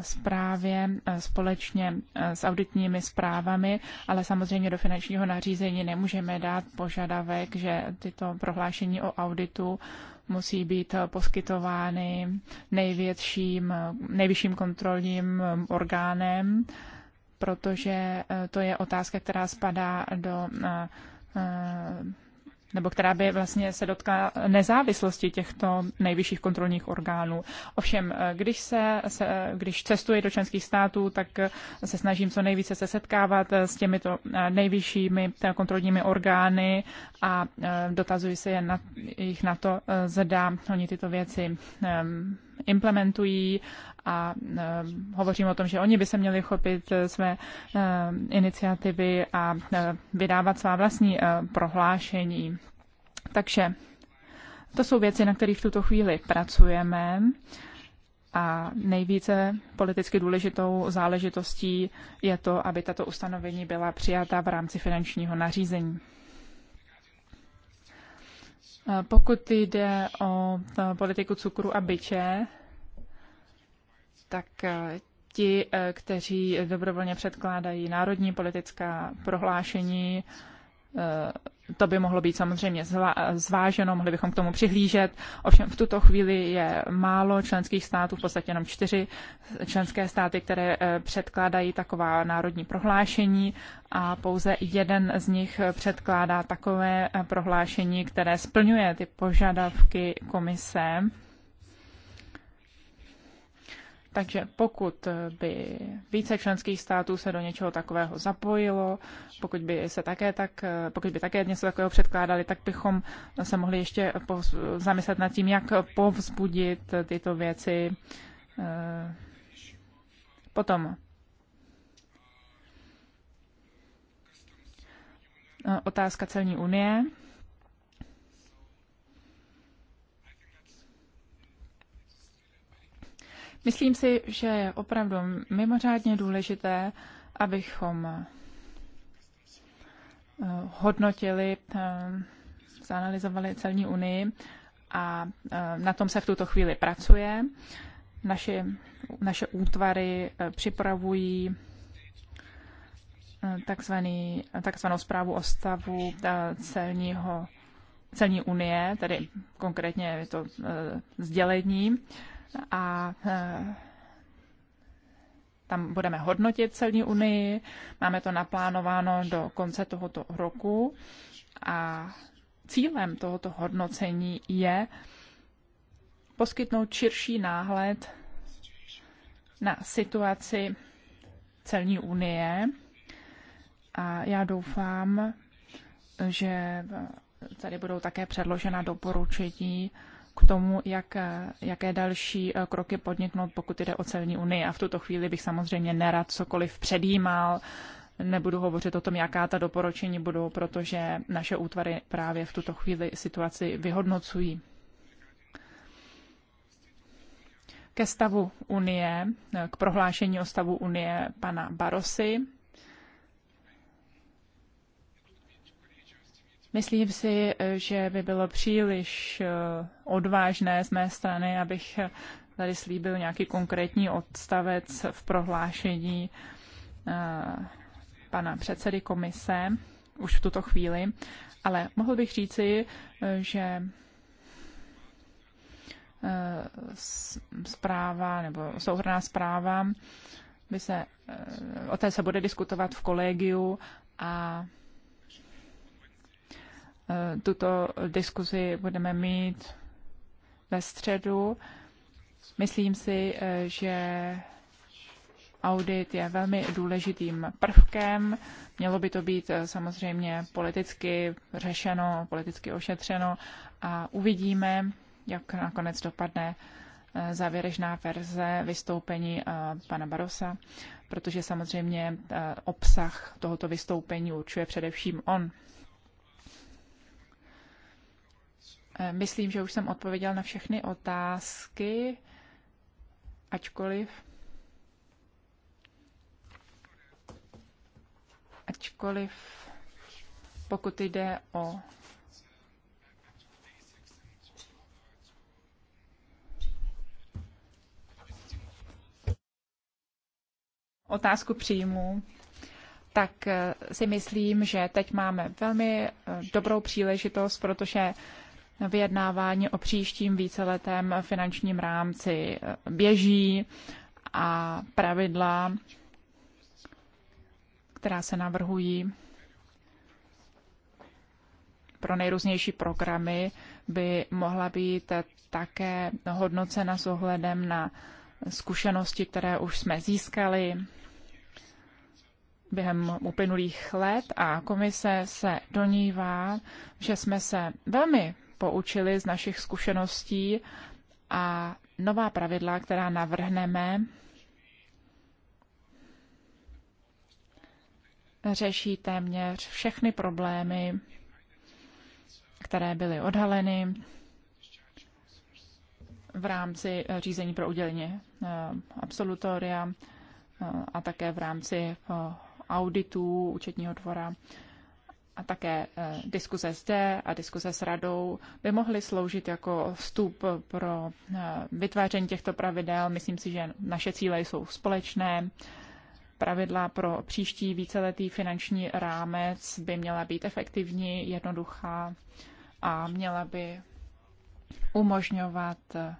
S2: zprávě e, e, společně e, s auditními zprávami, ale samozřejmě do finančního nařízení nemůžeme dát požadavek, že tyto prohlášení o auditu musí být poskytovány největším, nejvyšším kontrolním orgánem, protože to je otázka, která spadá do nebo která by vlastně se dotkla nezávislosti těchto nejvyšších kontrolních orgánů. Ovšem, když, se, se, když cestuji do členských států, tak se snažím co nejvíce se setkávat s těmito eh, nejvyššími eh, kontrolními orgány a eh, dotazuji se je na, jich na to, zda oni tyto věci implementují a eh, hovořím o tom, že oni by se měli chopit eh, své eh, iniciativy a vydávat svá vlastní prohlášení. Takže to jsou věci, na kterých v tuto chvíli pracujeme. A nejvíce politicky důležitou záležitostí je to, aby tato ustanovení byla přijata v rámci finančního nařízení. Eh, pokud jde o eh, politiku cukru a byče, tak eh, ti, kteří dobrovolně předkládají národní politická prohlášení, Eh, to by mohlo být samozřejmě zváženo, mohli bychom k tomu přihlížet. Ovšem v tuto chvíli je málo členských států, v podstatě jenom čtyři členské státy, které eh, předkládají taková národní prohlášení a pouze jeden z nich předkládá takové eh, prohlášení, které splňuje ty požadavky komise takže pokud by více členských států se do něčeho takového zapojilo, pokud by se také tak, pokud by také něco takového předkládali, tak bychom se mohli ještě zamyslet nad tím, jak povzbudit tyto věci. Eh, potom no, otázka celní unie. Myslím si, že je opravdu mimořádně důležité, abychom eh, hodnotili, eh, zanalizovali celní unii a eh, na tom se v tuto chvíli pracuje. Naše, naše útvary připravují takzvaný, takzvanou zprávu o stavu celního, celní unie, tedy konkrétně je to sdělení a eh, tam budeme hodnotit celní unii. Máme to naplánováno do konce tohoto roku a cílem tohoto hodnocení je poskytnout širší náhled na situaci celní unie. A já doufám, že tady budou také předložena doporučení k tomu, jak, jaké další eh, kroky podniknout, pokud jde o celní unii. A v tuto chvíli bych samozřejmě nerad cokoliv předjímal, nebudu hovořit o tom, jaká ta doporučení budou, protože naše útvary právě v tuto chvíli situaci vyhodnocují. Ke stavu Unie, eh, k prohlášení o stavu Unie pana Barosy. Myslím si, že by bylo příliš eh, odvážné z mé strany, abych tady slíbil nějaký konkrétní odstavec v prohlášení eh, pana předsedy komise už v tuto chvíli, ale mohl bych říci, eh, že zpráva nebo souhrná zpráva by se, o té se bude diskutovat v kolegiu a Eh, tuto diskuzi budeme mít ve středu. Myslím si, eh, že audit je velmi důležitým prvkem. Mělo by to být eh, samozřejmě politicky řešeno, politicky ošetřeno a uvidíme, jak nakonec dopadne závěrečná verze vystoupení pana Barosa, protože samozřejmě obsah tohoto vystoupení určuje především on. Eh, myslím, že už jsem odpověděl na všechny otázky, ačkoliv. Ačkoliv, pokud jde o otázku příjmu, tak eh, si myslím, že teď máme velmi eh, dobrou příležitost, protože vyjednávání o příštím víceletém finančním rámci běží a pravidla, která se navrhují pro nejrůznější programy, by mohla být také hodnocena s ohledem na zkušenosti, které už jsme získali během uplynulých let a komise se donívá, že jsme se velmi poučili z našich zkušeností a nová pravidla, která navrhneme, řeší téměř všechny problémy, které byly odhaleny v rámci eh, řízení pro udělení eh, absolutoria eh, a také v rámci auditů účetního dvora a také eh, diskuze zde a diskuze s radou by mohly sloužit jako vstup pro eh, vytváření těchto pravidel. Myslím si, že naše cíle jsou společné. Pravidla pro příští víceletý finanční rámec by měla být efektivní, jednoduchá a měla by umožňovat eh,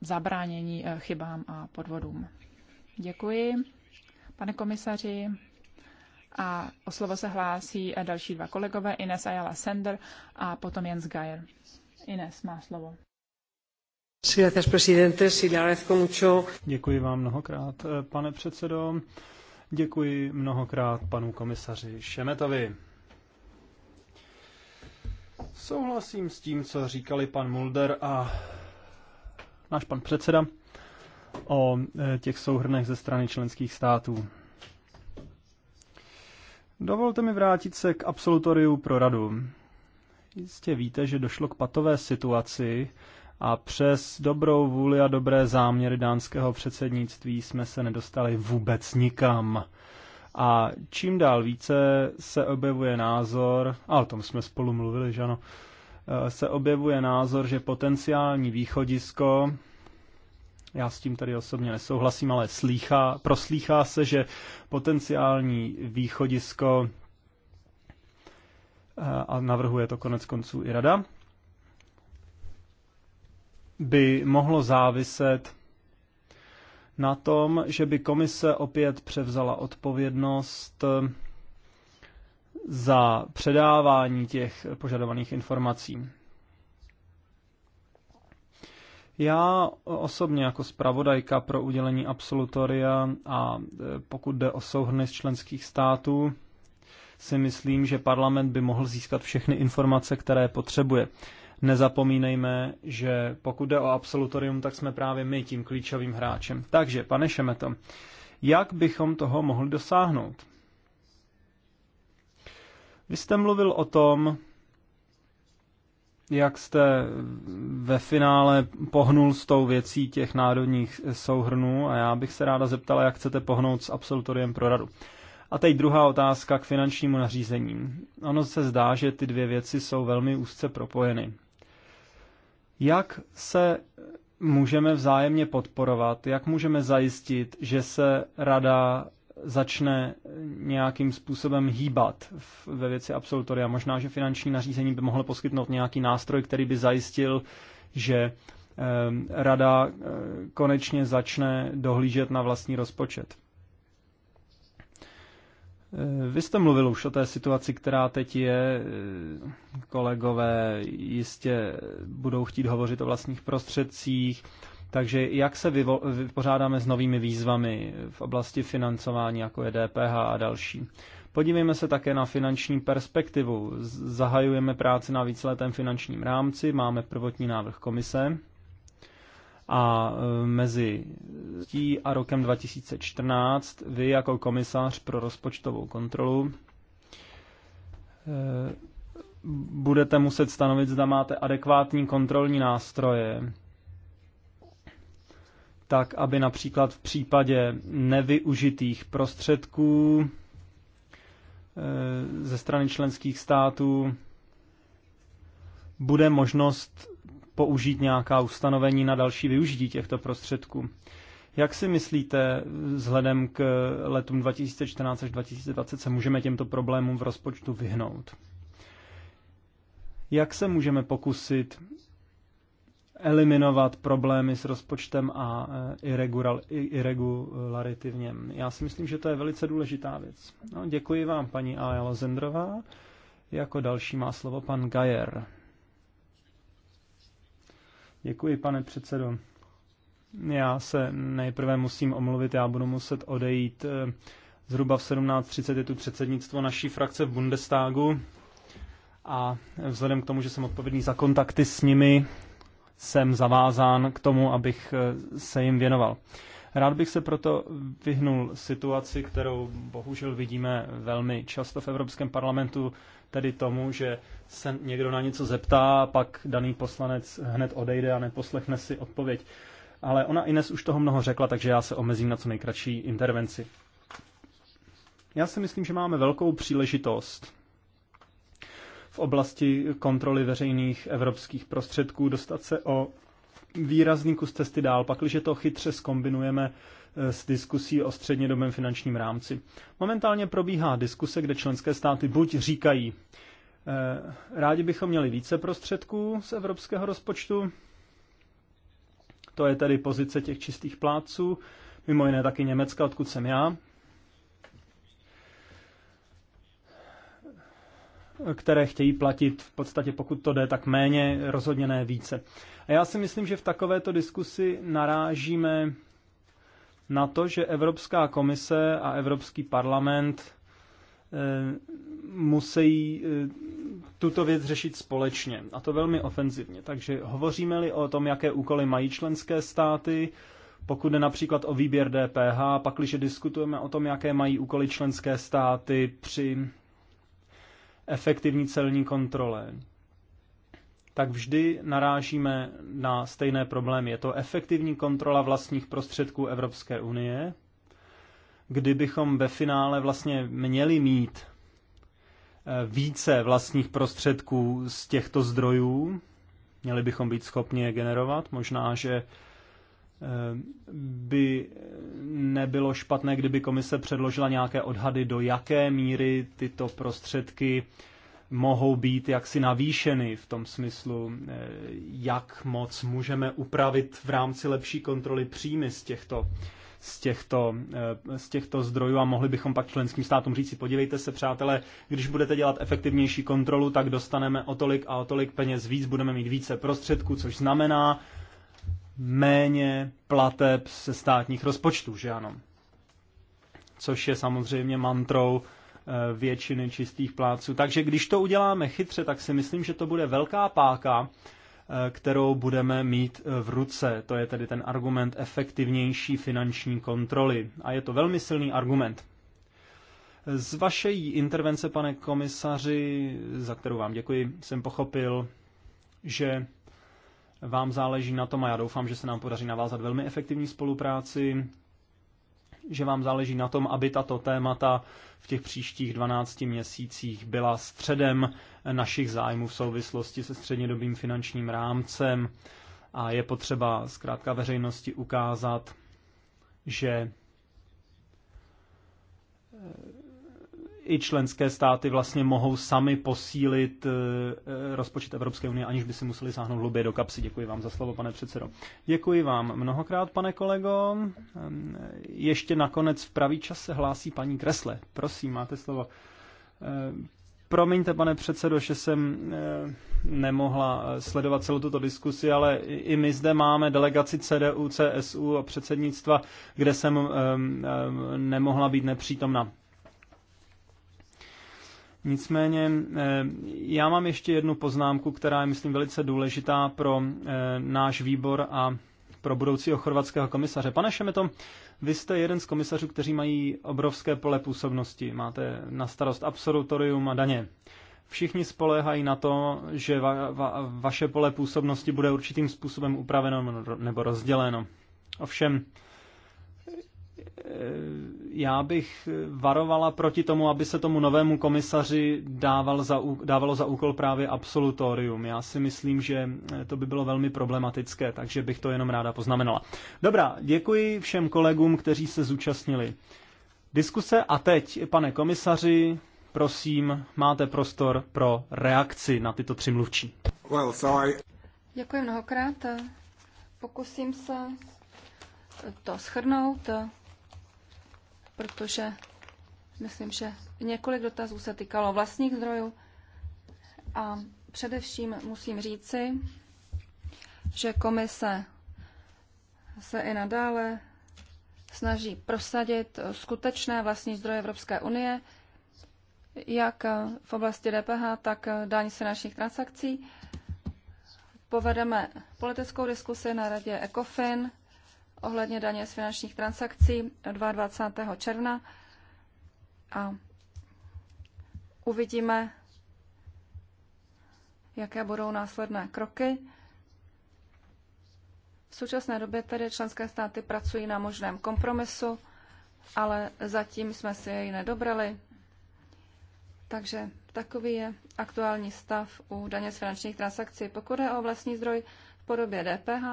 S2: zabránění chybám a podvodům. Děkuji, pane komisaři a o slovo se hlásí další dva kolegové, Ines Ayala Sender a potom Jens Geier. Ines má slovo.
S1: Děkuji vám mnohokrát, eh, pane předsedo. Děkuji mnohokrát panu komisaři Šemetovi. Souhlasím s tím, co říkali pan Mulder a náš pan předseda o eh, těch souhrnech ze strany členských států. Dovolte mi vrátit se k absolutoriu pro radu. Jistě víte, že došlo k patové situaci a přes dobrou vůli a dobré záměry dánského předsednictví jsme se nedostali vůbec nikam. A čím dál více se objevuje názor, a o tom jsme spolu mluvili, že ano, se objevuje názor, že potenciální východisko já s tím tady osobně nesouhlasím, ale slýchá, proslýchá se, že potenciální východisko eh, a navrhuje to konec konců i rada, by mohlo záviset na tom, že by komise opět převzala odpovědnost eh, za předávání těch požadovaných informací. Já osobně jako zpravodajka pro udělení absolutoria a e, pokud jde o souhrny z členských států, si myslím, že parlament by mohl získat všechny informace, které potřebuje. Nezapomínejme, že pokud jde o absolutorium, tak jsme právě my tím klíčovým hráčem. Takže, pane Šemeto, jak bychom toho mohli dosáhnout? Vy jste mluvil o tom, jak jste ve finále pohnul s tou věcí těch národních souhrnů a já bych se ráda zeptala, jak chcete pohnout s absolutoriem pro radu. A teď druhá otázka k finančnímu nařízení. Ono se zdá, že ty dvě věci jsou velmi úzce propojeny. Jak se můžeme vzájemně podporovat, jak můžeme zajistit, že se rada začne nějakým způsobem hýbat ve věci absolutoria. Možná, že finanční nařízení by mohlo poskytnout nějaký nástroj, který by zajistil, že ehm, rada eh, konečně začne dohlížet na vlastní rozpočet. Eh, vy jste mluvil už o té situaci, která teď je. Kolegové jistě budou chtít hovořit o vlastních prostředcích takže jak se vypořádáme s novými výzvami v oblasti financování, jako je DPH a další? Podívejme se také na finanční perspektivu. Zahajujeme práci na víceletém finančním rámci, máme prvotní návrh komise a e, mezi tí a rokem 2014 vy jako komisař pro rozpočtovou kontrolu e, budete muset stanovit, zda máte adekvátní kontrolní nástroje tak aby například v případě nevyužitých prostředků eh, ze strany členských států bude možnost použít nějaká ustanovení na další využití těchto prostředků. Jak si myslíte, vzhledem k letům 2014 až 2020 se můžeme těmto problémům v rozpočtu vyhnout? Jak se můžeme pokusit eliminovat problémy s rozpočtem a eh, irregularity v něm. Já si myslím, že to je velice důležitá věc. No, děkuji vám, paní Ajala Zendrová. Jako další má slovo pan Gajer. Děkuji, pane předsedo. Já se nejprve musím omluvit, já budu muset odejít. Eh, zhruba v 17.30 je tu předsednictvo naší frakce v Bundestagu a vzhledem k tomu, že jsem odpovědný za kontakty s nimi, jsem zavázán k tomu, abych eh, se jim věnoval. Rád bych se proto vyhnul situaci, kterou bohužel vidíme velmi často v Evropském parlamentu, tedy tomu, že se někdo na něco zeptá, a pak daný poslanec hned odejde a neposlechne si odpověď. Ale ona Ines už toho mnoho řekla, takže já se omezím na co nejkratší intervenci. Já si myslím, že máme velkou příležitost v oblasti kontroly veřejných evropských prostředků, dostat se o výrazný kus cesty dál, pakliže to chytře skombinujeme eh, s diskusí o střednědobém finančním rámci. Momentálně probíhá diskuse, kde členské státy buď říkají, eh, rádi bychom měli více prostředků z evropského rozpočtu, to je tedy pozice těch čistých plátců, mimo jiné taky Německa, odkud jsem já, které chtějí platit v podstatě pokud to jde, tak méně, rozhodně ne více. A já si myslím, že v takovéto diskusi narážíme na to, že Evropská komise a Evropský parlament eh, musí eh, tuto věc řešit společně, a to velmi ofenzivně. Takže hovoříme-li o tom, jaké úkoly mají členské státy, pokud jde například o výběr DPH, pak diskutujeme o tom, jaké mají úkoly členské státy při efektivní celní kontrole, tak vždy narážíme na stejné problémy. Je to efektivní kontrola vlastních prostředků Evropské unie, kdybychom ve finále vlastně měli mít eh, více vlastních prostředků z těchto zdrojů, měli bychom být schopni je generovat. Možná, že Ehm, by nebylo špatné, kdyby komise předložila nějaké odhady, do jaké míry tyto prostředky mohou být jaksi navýšeny v tom smyslu, eh, jak moc můžeme upravit v rámci lepší kontroly příjmy z těchto, z těchto, eh, z těchto zdrojů a mohli bychom pak členským státům říct, podívejte se přátelé, když budete dělat efektivnější kontrolu, tak dostaneme o tolik a o tolik peněz víc, budeme mít více prostředků, což znamená, méně plateb se státních rozpočtů, že ano? Což je samozřejmě mantrou eh, většiny čistých pláců. Takže když to uděláme chytře, tak si myslím, že to bude velká páka, eh, kterou budeme mít eh, v ruce. To je tedy ten argument efektivnější finanční kontroly. A je to velmi silný argument. Z vaší intervence, pane komisaři, za kterou vám děkuji, jsem pochopil, že vám záleží na tom a já doufám, že se nám podaří navázat velmi efektivní spolupráci, že vám záleží na tom, aby tato témata v těch příštích 12 měsících byla středem našich zájmů v souvislosti se střednědobým finančním rámcem a je potřeba zkrátka veřejnosti ukázat, že i členské státy vlastně mohou sami posílit eh, eh, rozpočet Evropské unie, aniž by si museli sáhnout hlubě do kapsy. Děkuji vám za slovo, pane předsedo. Děkuji vám mnohokrát, pane kolego. Ehm, ještě nakonec v pravý čas se hlásí paní Kresle. Prosím, máte slovo. Ehm, promiňte, pane předsedo, že jsem eh, nemohla sledovat celou tuto diskusi, ale i my zde máme delegaci CDU, CSU a předsednictva, kde jsem ehm, nemohla být nepřítomna. Nicméně eh, já mám ještě jednu poznámku, která je, myslím, velice důležitá pro eh, náš výbor a pro budoucího chorvatského komisaře. Pane Šemeto, vy jste jeden z komisařů, kteří mají obrovské pole působnosti. Máte na starost absolutorium a daně. Všichni spolehají na to, že va, va, vaše pole působnosti bude určitým způsobem upraveno nebo rozděleno. Ovšem, já bych varovala proti tomu, aby se tomu novému komisaři dával za, dávalo za úkol právě absolutorium. Já si myslím, že to by bylo velmi problematické, takže bych to jenom ráda poznamenala. Dobrá, děkuji všem kolegům, kteří se zúčastnili diskuse. A teď, pane komisaři, prosím, máte prostor pro reakci na tyto tři mluvčí.
S2: Well, sorry.
S3: Děkuji mnohokrát. Pokusím se to shrnout protože myslím, že několik dotazů se týkalo vlastních zdrojů a především musím říci, že komise se i nadále snaží prosadit skutečné vlastní zdroje Evropské unie, jak v oblasti DPH, tak daň se našich transakcí. Povedeme politickou diskusi na radě ECOFIN ohledně daně z finančních transakcí 22. června a uvidíme, jaké budou následné kroky. V současné době tedy členské státy pracují na možném kompromisu, ale zatím jsme si jej nedobrali. Takže takový je aktuální stav u daně z finančních transakcí. Pokud je o vlastní zdroj v podobě DPH,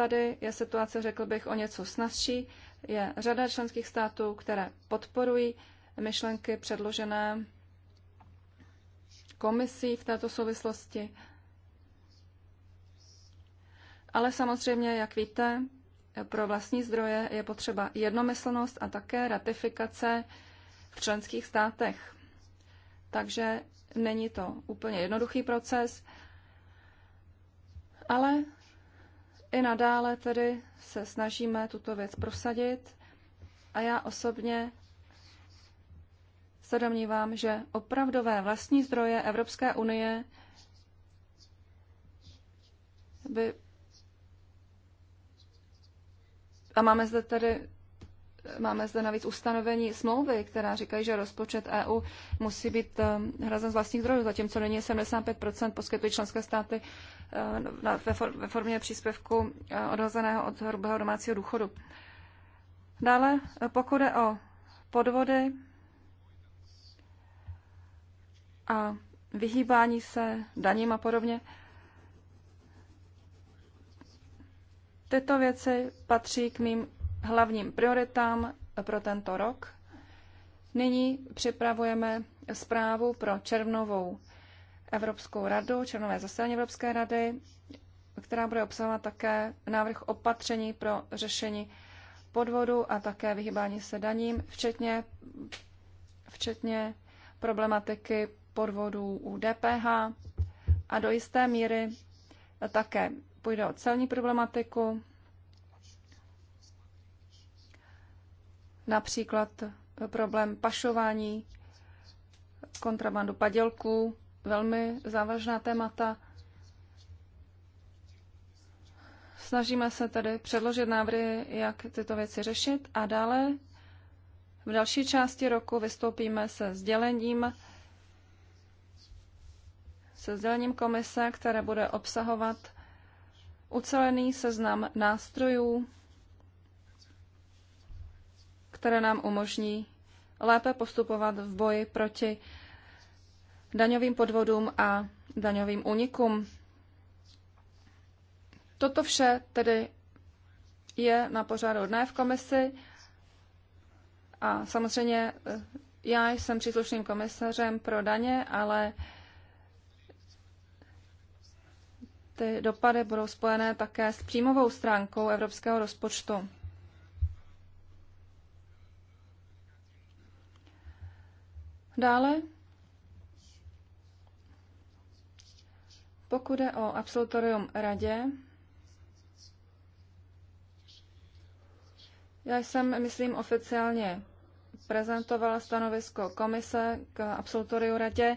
S3: Tady je situace, řekl bych, o něco snazší. Je řada členských států, které podporují myšlenky předložené komisí v této souvislosti. Ale samozřejmě, jak víte, pro vlastní zdroje je potřeba jednomyslnost a také ratifikace v členských státech. Takže není to úplně jednoduchý proces, ale i nadále tedy se snažíme tuto věc prosadit a já osobně se domnívám, že opravdové vlastní zdroje Evropské unie by a máme zde tedy Máme zde navíc ustanovení smlouvy, která říkají, že rozpočet EU musí být ehm, hrazen z vlastních zdrojů, zatímco není 75 poskytují členské státy Eh, ve formě příspěvku eh, odhozeného od hrubého domácího důchodu. Dále, eh, pokud je o podvody a vyhýbání se daním a podobně, tyto věci patří k mým hlavním prioritám pro tento rok. Nyní připravujeme zprávu pro červnovou Evropskou radu, členové zasedání Evropské rady, která bude obsahovat také návrh opatření pro řešení podvodu a také vyhybání se daním, včetně, včetně problematiky podvodů u DPH a do jisté míry také půjde o celní problematiku, například problém pašování, kontrabandu padělků velmi závažná témata. Snažíme se tedy předložit návrhy, jak tyto věci řešit a dále v další části roku vystoupíme se sdělením, se sdělením komise, které bude obsahovat ucelený seznam nástrojů, které nám umožní lépe postupovat v boji proti daňovým podvodům a daňovým únikům. Toto vše tedy je na pořádu dne v komisi a samozřejmě eh, já jsem příslušným komisařem pro daně, ale ty dopady budou spojené také s příjmovou stránkou evropského rozpočtu. Dále Pokud je o absolutorium radě, já jsem, myslím, oficiálně prezentovala stanovisko komise k absolutoriu radě.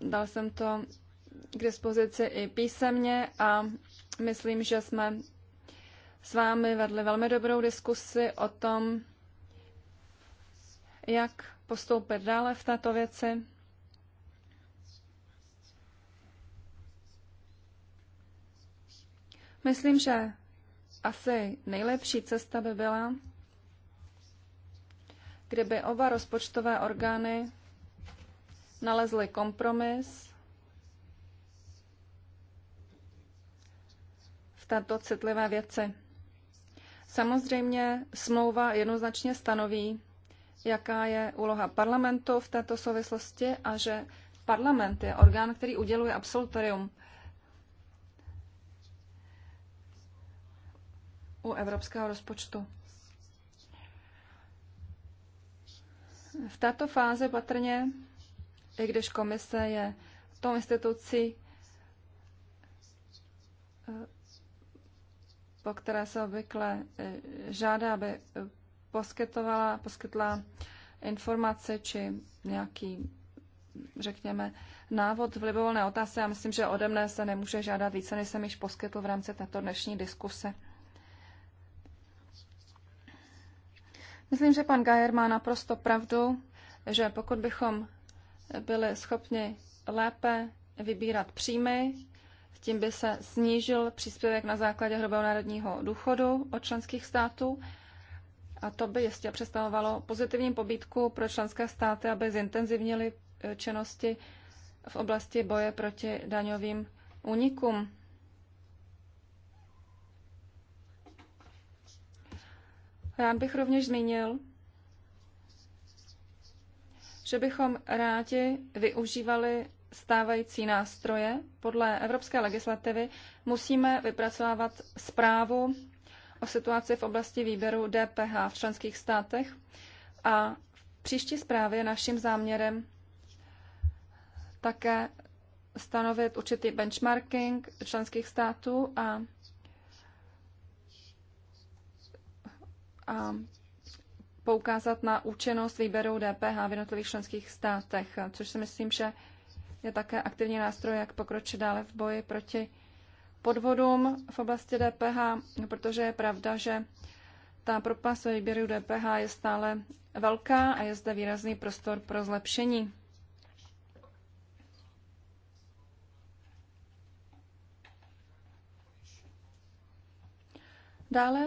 S3: Dal jsem to k dispozici i písemně a myslím, že jsme s vámi vedli velmi dobrou diskusi o tom, jak postoupit dále v této věci. Myslím, že asi nejlepší cesta by byla, kdyby oba rozpočtové orgány nalezly kompromis v této citlivé věci. Samozřejmě smlouva jednoznačně stanoví, jaká je úloha parlamentu v této souvislosti a že parlament je orgán, který uděluje absolutorium. u evropského rozpočtu. V této fázi patrně, i když komise je tom instituci, po které se obvykle eh, žádá, aby poskytovala, poskytla informace či nějaký, řekněme, návod v libovolné otázce. Já myslím, že ode mne se nemůže žádat více, než jsem již poskytl v rámci této dnešní diskuse. Myslím, že pan Gajer má naprosto pravdu, že pokud bychom byli schopni lépe vybírat příjmy, tím by se snížil příspěvek na základě hrubého národního důchodu od členských států a to by jistě představovalo pozitivní pobídku pro členské státy, aby zintenzivnili činnosti v oblasti boje proti daňovým únikům. Rád bych rovněž zmínil, že bychom rádi využívali stávající nástroje. Podle evropské legislativy musíme vypracovávat zprávu o situaci v oblasti výběru DPH v členských státech a v příští zprávě naším záměrem také stanovit určitý benchmarking členských států a a poukázat na účinnost výběru DPH v jednotlivých členských státech, což si myslím, že je také aktivní nástroj, jak pokročit dále v boji proti podvodům v oblasti DPH, protože je pravda, že ta propast ve výběru DPH je stále velká a je zde výrazný prostor pro zlepšení. Dále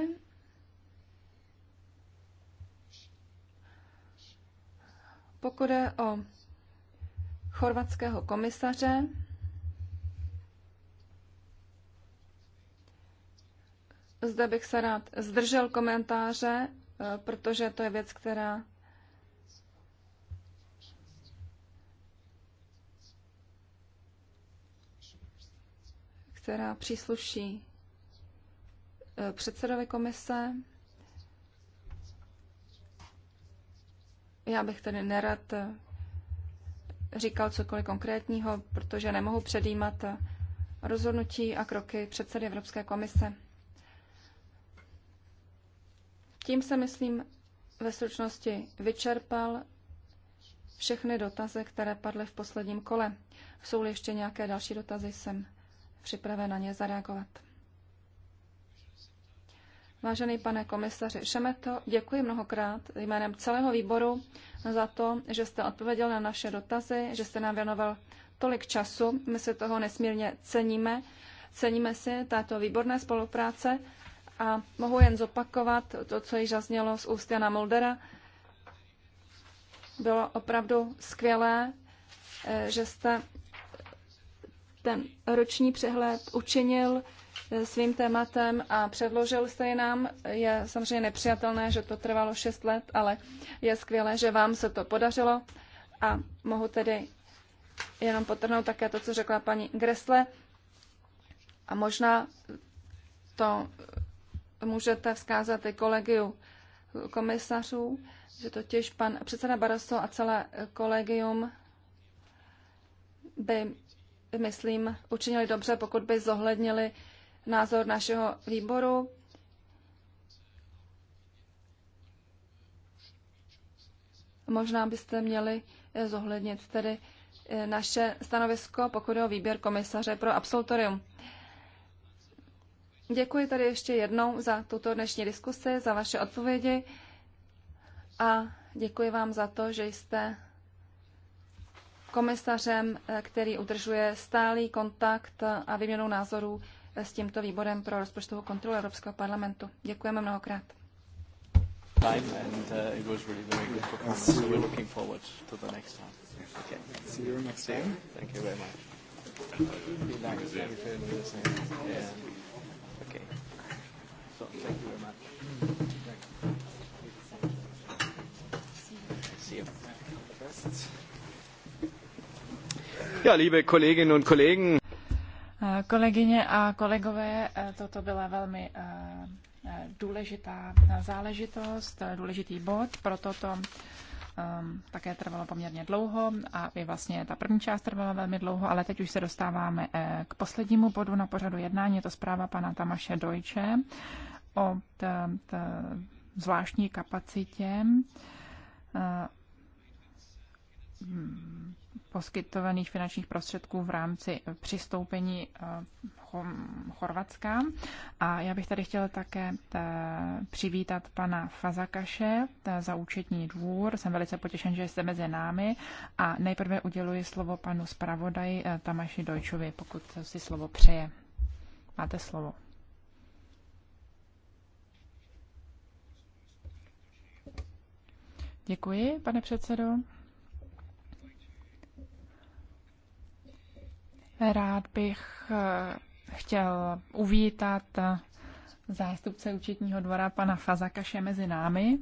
S3: Pokud je o chorvatského komisaře, zde bych se rád zdržel komentáře, eh, protože to je věc, která která přísluší eh, předsedovi komise. Já bych tedy nerad eh, říkal cokoliv konkrétního, protože nemohu předjímat eh, rozhodnutí a kroky předsedy Evropské komise. Tím se, myslím, ve stručnosti vyčerpal všechny dotazy, které padly v posledním kole. Jsou-li ještě nějaké další dotazy, jsem připravena na ně zareagovat. Vážený pane komisaři Šemeto, děkuji mnohokrát jménem celého výboru za to, že jste odpověděl na naše dotazy, že jste nám věnoval tolik času. My se toho nesmírně ceníme. Ceníme si této výborné spolupráce a mohu jen zopakovat to, co již zaznělo z úst Jana Muldera. Bylo opravdu skvělé, eh, že jste ten roční přehled učinil eh, svým tématem a předložil jste je nám. Je samozřejmě nepřijatelné, že to trvalo 6 let, ale je skvělé, že vám se to podařilo a mohu tedy jenom potrhnout také to, co řekla paní Gresle a možná to eh, můžete vzkázat i kolegiu komisařů, že totiž pan předseda Barroso a celé eh, kolegium by myslím, učinili dobře, pokud by zohlednili názor našeho výboru. Možná byste měli eh, zohlednit tedy eh, naše stanovisko, pokud je o výběr komisaře pro absolutorium. Děkuji tady ještě jednou za tuto dnešní diskusi, za vaše odpovědi a děkuji vám za to, že jste komisařem, eh, který udržuje stálý kontakt a výměnu názorů eh, s tímto výborem pro rozpočtovou kontrolu Evropského parlamentu. Děkujeme mnohokrát.
S1: Eh, thank you Ja, liebe Kolleginnen und
S3: Kollegen.
S2: Eh, kolegyně a kolegové, eh, toto byla velmi eh, důležitá záležitost, důležitý bod, proto to ehm, také trvalo poměrně dlouho a i vlastně ta první část trvala velmi dlouho, ale teď už se dostáváme k poslednímu bodu na pořadu jednání, je to zpráva pana Tamaše Dojče o t, t, zvláštní kapacitě hm, poskytovaných finančních prostředků v rámci přistoupení eh, Chorvatska. A já bych tady chtěla také eh, přivítat pana Fazakaše eh, za účetní dvůr. Jsem velice potěšen, že jste mezi námi a nejprve uděluji slovo panu zpravodaji Tamaši Dojčovi, pokud si slovo přeje. Máte slovo. Děkuji, pane předsedo. Rád bych eh, chtěl uvítat eh, zástupce účetního dvora pana Fazakaše mezi námi.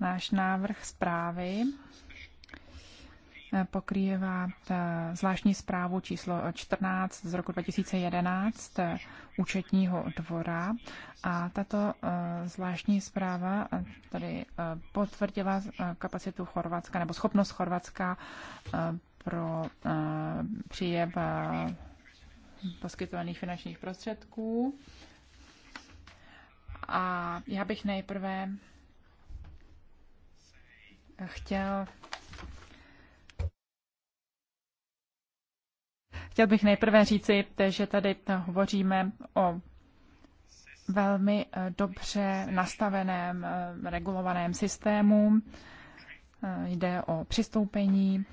S2: Náš návrh zprávy pokrývá eh, zvláštní zprávu číslo 14 z roku 2011 eh, účetního dvora a tato eh, zvláštní zpráva tady potvrdila kapacitu Chorvatska nebo schopnost Chorvatska pro příjem poskytovaných finančních prostředků. A já bych nejprve chtěl Chtěl bych nejprve říci, že tady hovoříme o velmi eh, dobře nastaveném eh, regulovaném systému. Eh, jde o přistoupení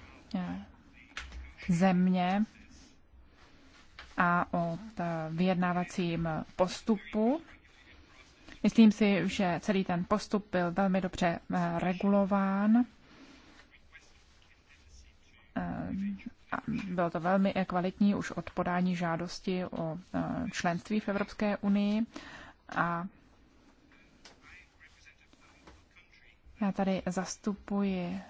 S2: země a o vyjednávacím postupu. Myslím si, že celý ten postup byl velmi dobře regulován Bylo to velmi eh, kvalitní už od podání žádosti o eh, členství v Evropské unii a já tady zastupuji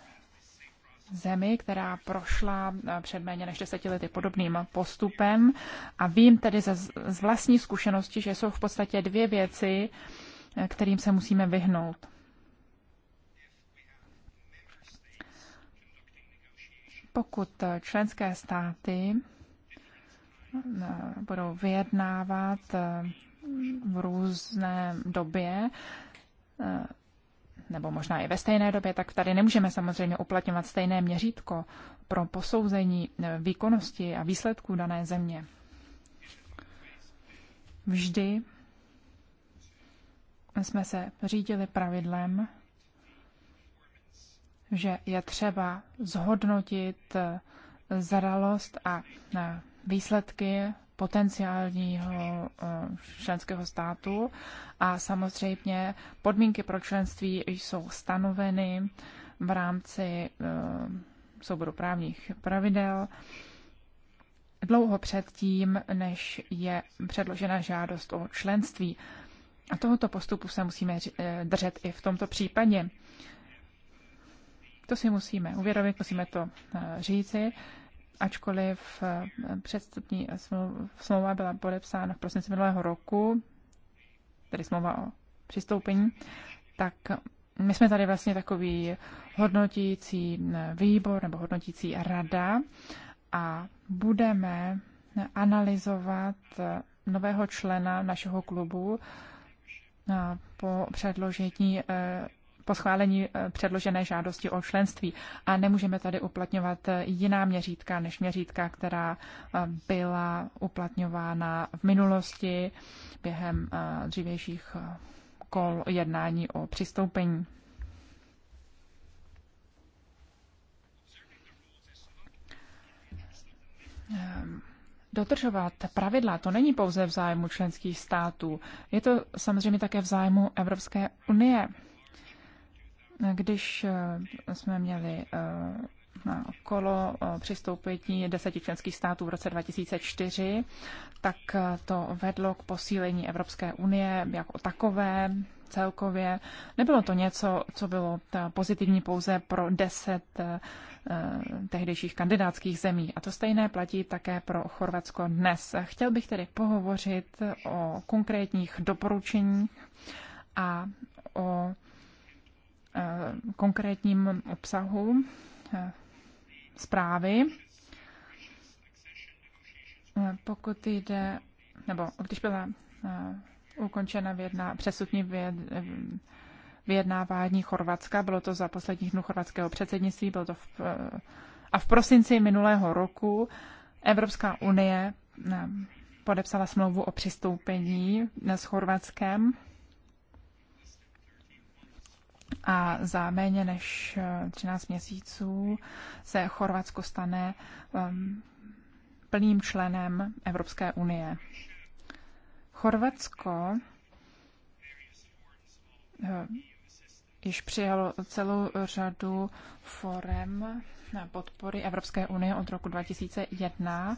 S2: zemi, která prošla eh, před méně než deseti lety podobným postupem a vím tedy z vlastní zkušenosti, že jsou v podstatě dvě věci, kterým se musíme vyhnout. pokud eh, členské státy eh, budou vyjednávat eh, v různé době, nebo možná i ve stejné době, tak tady nemůžeme samozřejmě uplatňovat stejné měřítko pro posouzení výkonnosti a výsledků dané země. Vždy jsme se řídili pravidlem, že je třeba zhodnotit eh, zralost a eh, výsledky potenciálního eh, členského státu a samozřejmě podmínky pro členství jsou stanoveny v rámci souboru právních pravidel dlouho předtím, než je předložena žádost o členství. A tohoto postupu se musíme držet i v tomto případě. To si musíme uvědomit, musíme to eh, říci, ačkoliv eh, předstupní smlouva byla podepsána v prosinci minulého roku, tedy smlouva o přistoupení, tak my jsme tady vlastně takový hodnotící eh, výbor nebo hodnotící rada a budeme analyzovat nového člena našeho klubu po předložení po schválení eh, předložené žádosti o členství. A nemůžeme tady uplatňovat eh, jiná měřítka než měřítka, která eh, byla uplatňována v minulosti během dřívějších kol jednání o přistoupení. Dotržovat pravidla to není pouze v zájmu členských států, je to samozřejmě také v zájmu Evropské unie. Když eh, jsme měli eh, na kolo eh, přistoupení deseti členských států v roce 2004, tak to vedlo k posílení Evropské unie jako takové celkově. Nebylo to něco, co bylo pozitivní pouze pro deset tehdejších kandidátských zemí. A to stejné platí také pro Chorvatsko dnes. Chtěl bych tedy pohovořit o konkrétních doporučeních a o Eh, konkrétním obsahu eh, zprávy. Eh, pokud jde, nebo když byla ukončena vědna, přesutní věd, vyjednávání Chorvatska, bylo to za posledních dnů chorvatského předsednictví, bylo to v, a v prosinci minulého roku Evropská unie podepsala smlouvu o přistoupení s Chorvatskem a za méně než 13 eh, měsíců se Chorvatsko stane ehm, plným členem Evropské unie. Chorvatsko eh, již přijalo celou řadu forem podpory Evropské unie od roku 2001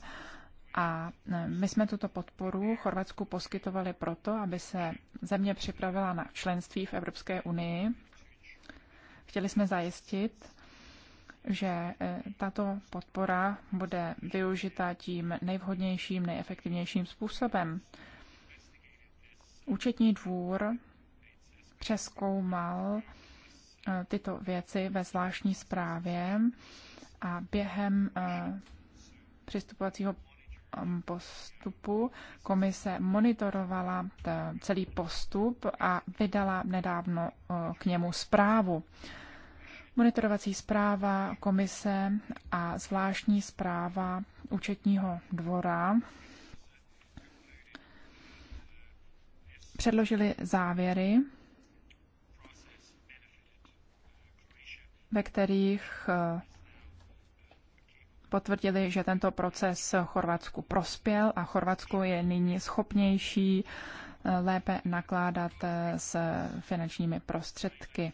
S2: a eh, my jsme tuto podporu Chorvatsku poskytovali proto, aby se země připravila na členství v Evropské unii Chtěli jsme zajistit, že e, tato podpora bude využita tím nejvhodnějším, nejefektivnějším způsobem. Účetní dvůr přeskoumal e, tyto věci ve zvláštní zprávě a během e, přistupovacího Um, postupu komise monitorovala celý postup a vydala nedávno uh, k němu zprávu. Monitorovací zpráva komise a zvláštní zpráva účetního dvora předložili závěry, ve kterých uh, potvrdili, že tento proces Chorvatsku prospěl a Chorvatsko je nyní schopnější eh, lépe nakládat eh, s finančními prostředky,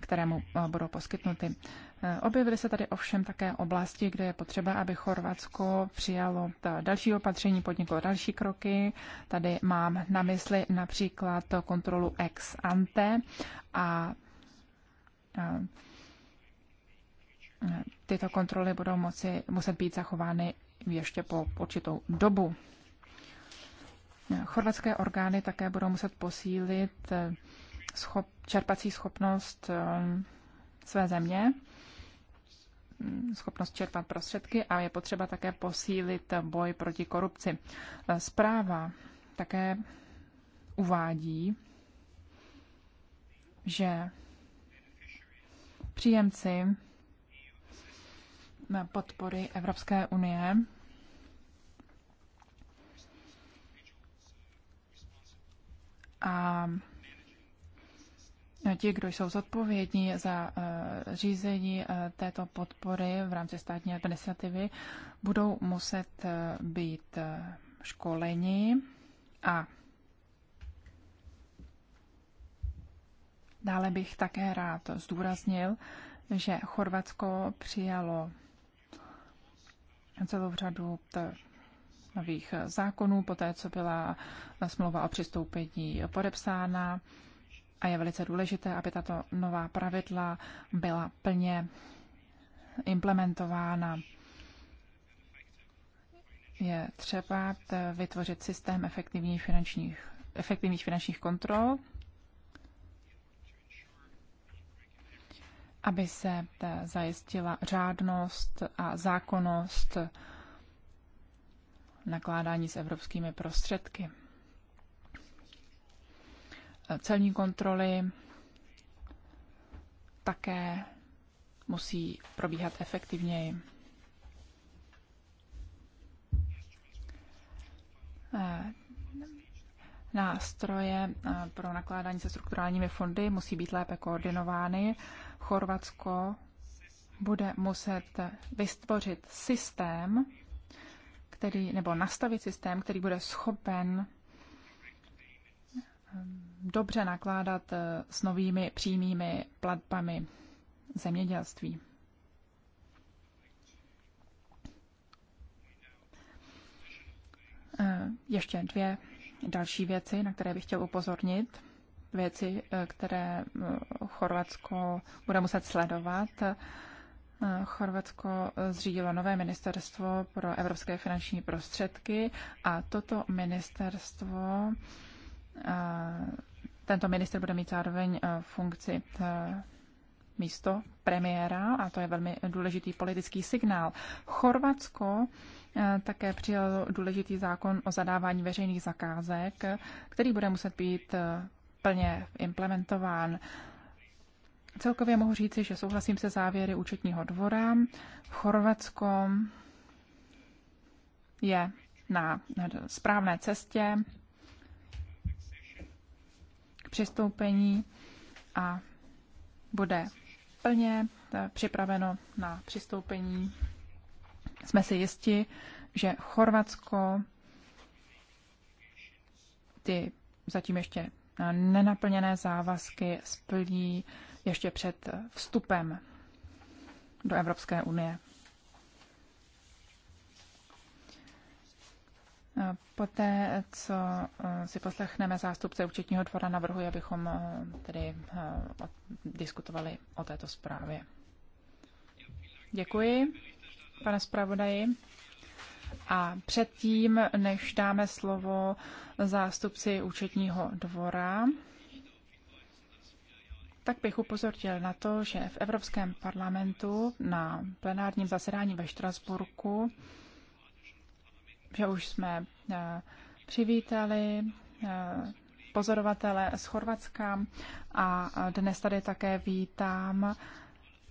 S2: které mu eh, budou poskytnuty. Objevily se tady ovšem také oblasti, kde je potřeba, aby Chorvatsko přijalo další opatření, podniklo další kroky. Tady mám na mysli například kontrolu ex ante a, a tyto kontroly budou moci, muset být zachovány ještě po určitou dobu. Chorvatské orgány také budou muset posílit eh, schop, čerpací schopnost eh, své země, mm, schopnost čerpat prostředky a je potřeba také posílit boj proti korupci. Eh, zpráva také uvádí, že příjemci podpory Evropské unie. A ti, kdo jsou zodpovědní za eh, řízení eh, této podpory v rámci státní administrativy, budou muset eh, být školeni a dále bych také rád zdůraznil, že Chorvatsko přijalo celou řadu eh, nových eh, zákonů, poté co byla eh, smlouva o přistoupení podepsána. A je velice důležité, aby tato nová pravidla byla plně implementována. Je třeba vytvořit systém efektivních finančních, efektivních finančních kontrol aby se zajistila řádnost a zákonnost nakládání s evropskými prostředky. Celní kontroly také musí probíhat efektivněji. Nástroje eh, pro nakládání se strukturálními fondy musí být lépe koordinovány Chorvatsko bude muset vystvořit systém, který, nebo nastavit systém, který bude schopen ehm, dobře nakládat eh, s novými přímými platbami zemědělství. Eh, ještě dvě další věci, na které bych chtěl upozornit věci, eh, které eh, Chorvatsko bude muset sledovat. Eh, Chorvatsko zřídilo nové ministerstvo pro evropské finanční prostředky a toto ministerstvo, tento minister bude mít zároveň funkci místo premiéra a to je velmi důležitý politický signál. Chorvatsko také přijalo důležitý zákon o zadávání veřejných zakázek, který bude muset být plně implementován. Celkově mohu říci, že souhlasím se závěry účetního dvora. Chorvatsko je na správné cestě k přistoupení a bude plně eh, připraveno na přistoupení. Jsme si jisti, že Chorvatsko ty zatím ještě nenaplněné závazky splní ještě před vstupem do Evropské unie. Poté, co eh, si poslechneme zástupce účetního dvora, navrhuji, abychom eh, tedy eh, diskutovali o této zprávě. Děkuji, pane zpravodaji. A předtím, než dáme slovo zástupci účetního dvora, tak bych upozornil na to, že v Evropském parlamentu na plenárním zasedání ve Štrasburku, že už jsme eh, přivítali eh, pozorovatele z Chorvatska a dnes tady také vítám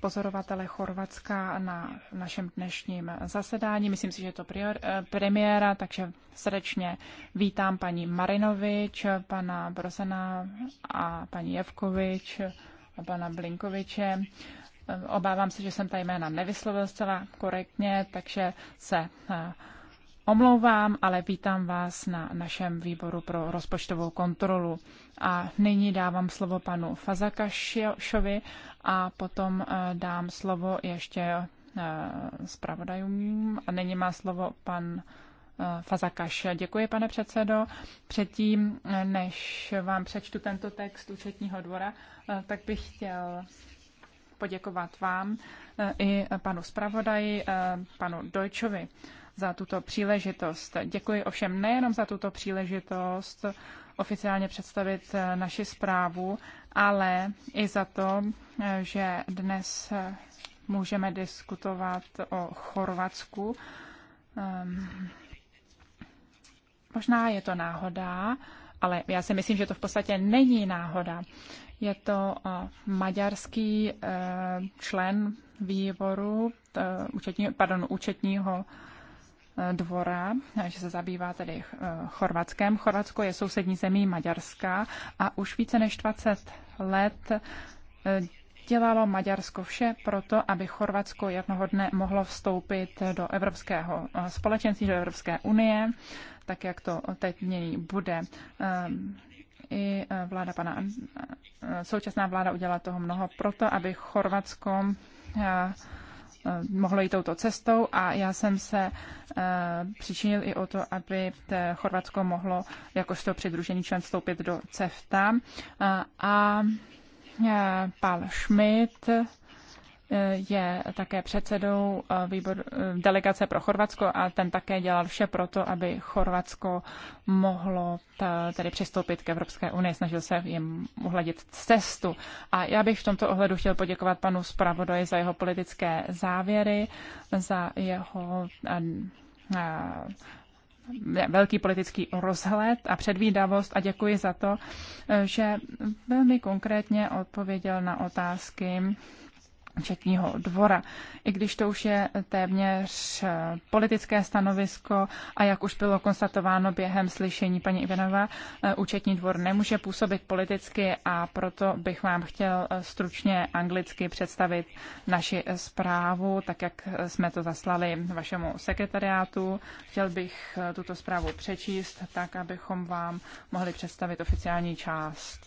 S2: pozorovatele Chorvatska na našem dnešním zasedání. Myslím si, že je to prior, eh, premiéra, takže srdečně vítám paní Marinovič, pana Brosana a paní Jevkovič a pana Blinkoviče. Eh, obávám se, že jsem ta jména nevyslovil zcela korektně, takže se eh, omlouvám, ale vítám vás na našem výboru pro rozpočtovou kontrolu. A nyní dávám slovo panu Fazakašovi a potom eh, dám slovo ještě eh, zpravodajům. A nyní má slovo pan eh, Fazakaš. Děkuji, pane předsedo. Předtím, než vám přečtu tento text účetního dvora, tak bych chtěl poděkovat vám i panu zpravodaji, panu Dojčovi za tuto příležitost. Děkuji ovšem nejenom za tuto příležitost oficiálně představit eh, naši zprávu, ale i za to, eh, že dnes eh, můžeme diskutovat o Chorvatsku. Ehm, možná je to náhoda, ale já si myslím, že to v podstatě není náhoda. Je to maďarský člen výboru účetní, pardon, účetního dvora, že se zabývá tedy eh, Chorvatskem. Chorvatsko je sousední zemí Maďarska a už více než 20 let eh, dělalo Maďarsko vše proto, aby Chorvatsko jednoho dne mohlo vstoupit do Evropského eh, společenství, do Evropské unie, tak jak to teď něj bude. Ehm, I vláda pana, současná vláda udělala toho mnoho proto, aby Chorvatsko Eh, mohlo jít touto cestou a já jsem se eh, přičinil i o to, aby Chorvatsko mohlo jakožto přidružený člen vstoupit do CEFTA. Eh, a Pál Schmidt je také předsedou eh, výboru, eh, delegace pro Chorvatsko a ten také dělal vše proto, aby Chorvatsko mohlo ta, tedy přistoupit k Evropské unii. Snažil se jim uhladit cestu. A já bych v tomto ohledu chtěl poděkovat panu zpravodaji za jeho politické závěry, za jeho a, eh, a, velký politický rozhled a předvídavost a děkuji za to, že velmi konkrétně odpověděl na otázky Četního dvora. I když to už je téměř eh, politické stanovisko a jak už bylo konstatováno během slyšení paní Ivanova, eh, účetní dvor nemůže působit politicky a proto bych vám chtěl eh, stručně anglicky představit naši zprávu, tak jak jsme to zaslali vašemu sekretariátu. Chtěl bych tuto zprávu přečíst, tak abychom vám mohli představit oficiální část.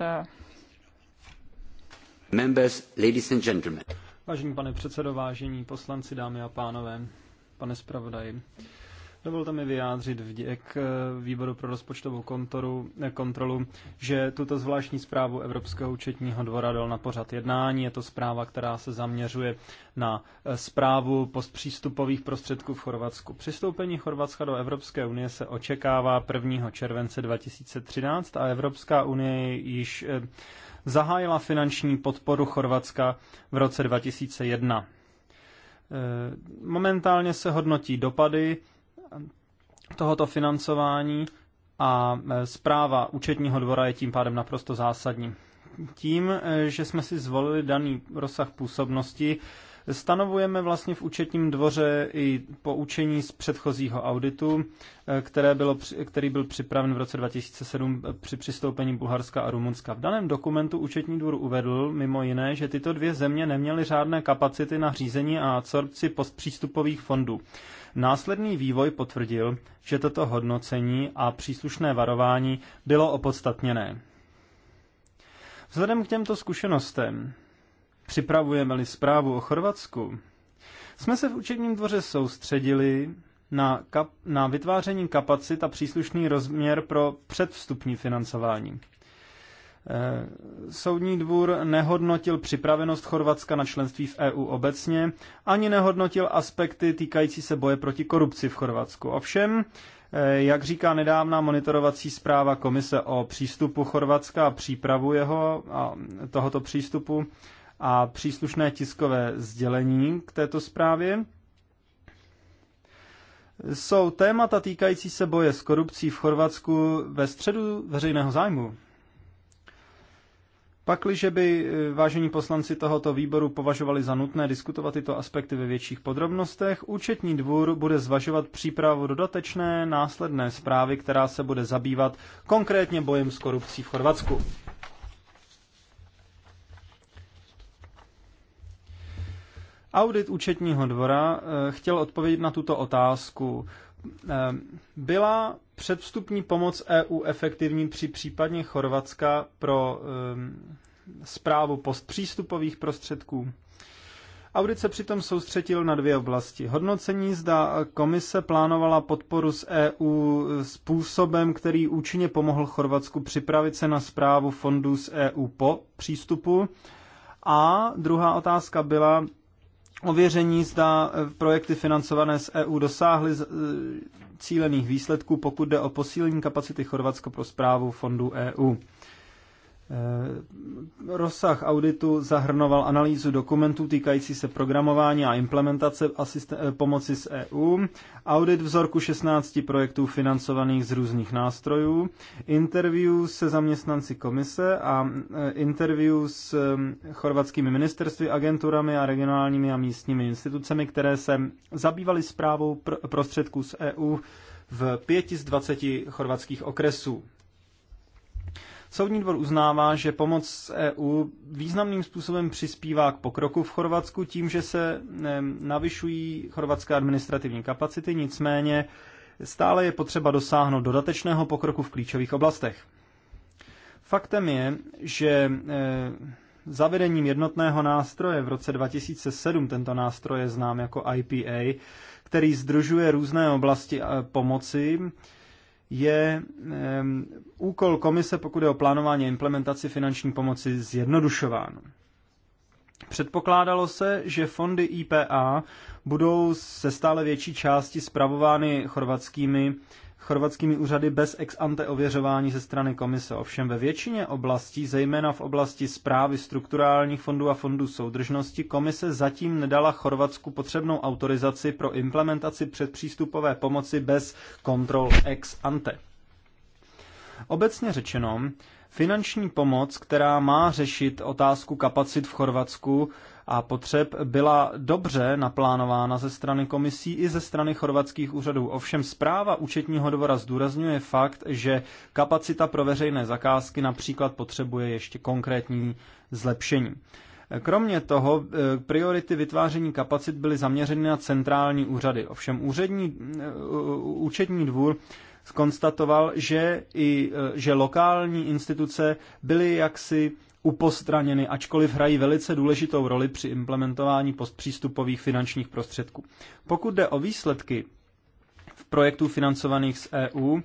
S1: Members, ladies and gentlemen. Vážený pane předsedo, vážení poslanci, dámy a pánové, pane zpravodaji, dovolte mi vyjádřit vděk eh, Výboru pro rozpočtovou kontoru, eh, kontrolu, že tuto zvláštní zprávu Evropského účetního dvora dal na pořad jednání. Je to zpráva, která se zaměřuje na eh, zprávu postpřístupových prostředků v Chorvatsku. Přistoupení Chorvatska do Evropské unie se očekává 1. července 2013 a Evropská unie již zahájila finanční podporu Chorvatska v roce 2001. E, momentálně se hodnotí dopady tohoto financování a e, zpráva účetního dvora je tím pádem naprosto zásadní. Tím, e, že jsme si zvolili daný rozsah působnosti, Stanovujeme vlastně v účetním dvoře i poučení z předchozího auditu, eh, které bylo, který byl připraven v roce 2007 eh, při přistoupení Bulharska a Rumunska. V daném dokumentu účetní dvůr uvedl mimo jiné, že tyto dvě země neměly žádné kapacity na řízení a absorpci postpřístupových fondů. Následný vývoj potvrdil, že toto hodnocení a příslušné varování bylo opodstatněné. Vzhledem k těmto zkušenostem připravujeme-li zprávu o Chorvatsku, jsme se v učebním dvoře soustředili na, kap, na vytváření kapacit a příslušný rozměr pro předvstupní financování. Eh, soudní dvůr nehodnotil připravenost Chorvatska na členství v EU obecně, ani nehodnotil aspekty týkající se boje proti korupci v Chorvatsku. Ovšem, eh, jak říká nedávná monitorovací zpráva Komise o přístupu Chorvatska a přípravu jeho a tohoto přístupu, a příslušné tiskové sdělení k této zprávě jsou témata týkající se boje s korupcí v Chorvatsku ve středu veřejného zájmu. Pakliže by eh, vážení poslanci tohoto výboru považovali za nutné diskutovat tyto aspekty ve větších podrobnostech, účetní dvůr bude zvažovat přípravu dodatečné následné zprávy, která se bude zabývat konkrétně bojem s korupcí v Chorvatsku. Audit účetního dvora eh, chtěl odpovědět na tuto otázku. Eh, byla předvstupní pomoc EU efektivní při případně Chorvatska pro zprávu eh, postpřístupových prostředků? Audit se přitom soustředil na dvě oblasti. Hodnocení zda komise plánovala podporu z EU způsobem, který účinně pomohl Chorvatsku připravit se na zprávu fondů z EU po přístupu. A druhá otázka byla, ověření, zda e, projekty financované z EU dosáhly e, cílených výsledků, pokud jde o posílení kapacity Chorvatska pro zprávu fondů EU. Eh, rozsah auditu zahrnoval analýzu dokumentů týkající se programování a implementace eh, pomoci z EU, audit vzorku 16 projektů financovaných z různých nástrojů, interview se zaměstnanci komise a eh, interview s chorvatskými ministerstvy, agenturami a regionálními a místními institucemi, které se zabývaly zprávou pr prostředků z EU v pěti z 20 chorvatských okresů. Soudní dvor uznává, že pomoc z EU významným způsobem přispívá k pokroku v Chorvatsku tím, že se navyšují chorvatské administrativní kapacity, nicméně stále je potřeba dosáhnout dodatečného pokroku v klíčových oblastech. Faktem je, že e, zavedením jednotného nástroje v roce 2007, tento nástroj je znám jako IPA, který združuje různé oblasti e, pomoci, je um, úkol komise, pokud je o plánování a implementaci finanční pomoci, zjednodušován. Předpokládalo se, že fondy IPA budou se stále větší části spravovány chorvatskými chorvatskými úřady bez ex ante ověřování ze strany komise. Ovšem ve většině oblastí, zejména v oblasti zprávy strukturálních fondů a fondů soudržnosti, komise zatím nedala Chorvatsku potřebnou autorizaci pro implementaci předpřístupové pomoci bez kontrol ex ante. Obecně řečeno, finanční pomoc, která má řešit otázku kapacit v Chorvatsku, a potřeb byla dobře naplánována ze strany komisí i ze strany chorvatských úřadů. Ovšem zpráva účetního dvora zdůrazňuje fakt, že kapacita pro veřejné zakázky například potřebuje ještě konkrétní zlepšení. Kromě toho eh, priority vytváření kapacit byly zaměřeny na centrální úřady. Ovšem úřední, eh, účetní dvůr skonstatoval, že, i, eh, že lokální instituce byly jaksi upostraněny, ačkoliv hrají velice důležitou roli při implementování postpřístupových finančních prostředků. Pokud jde o výsledky v projektů financovaných z EU,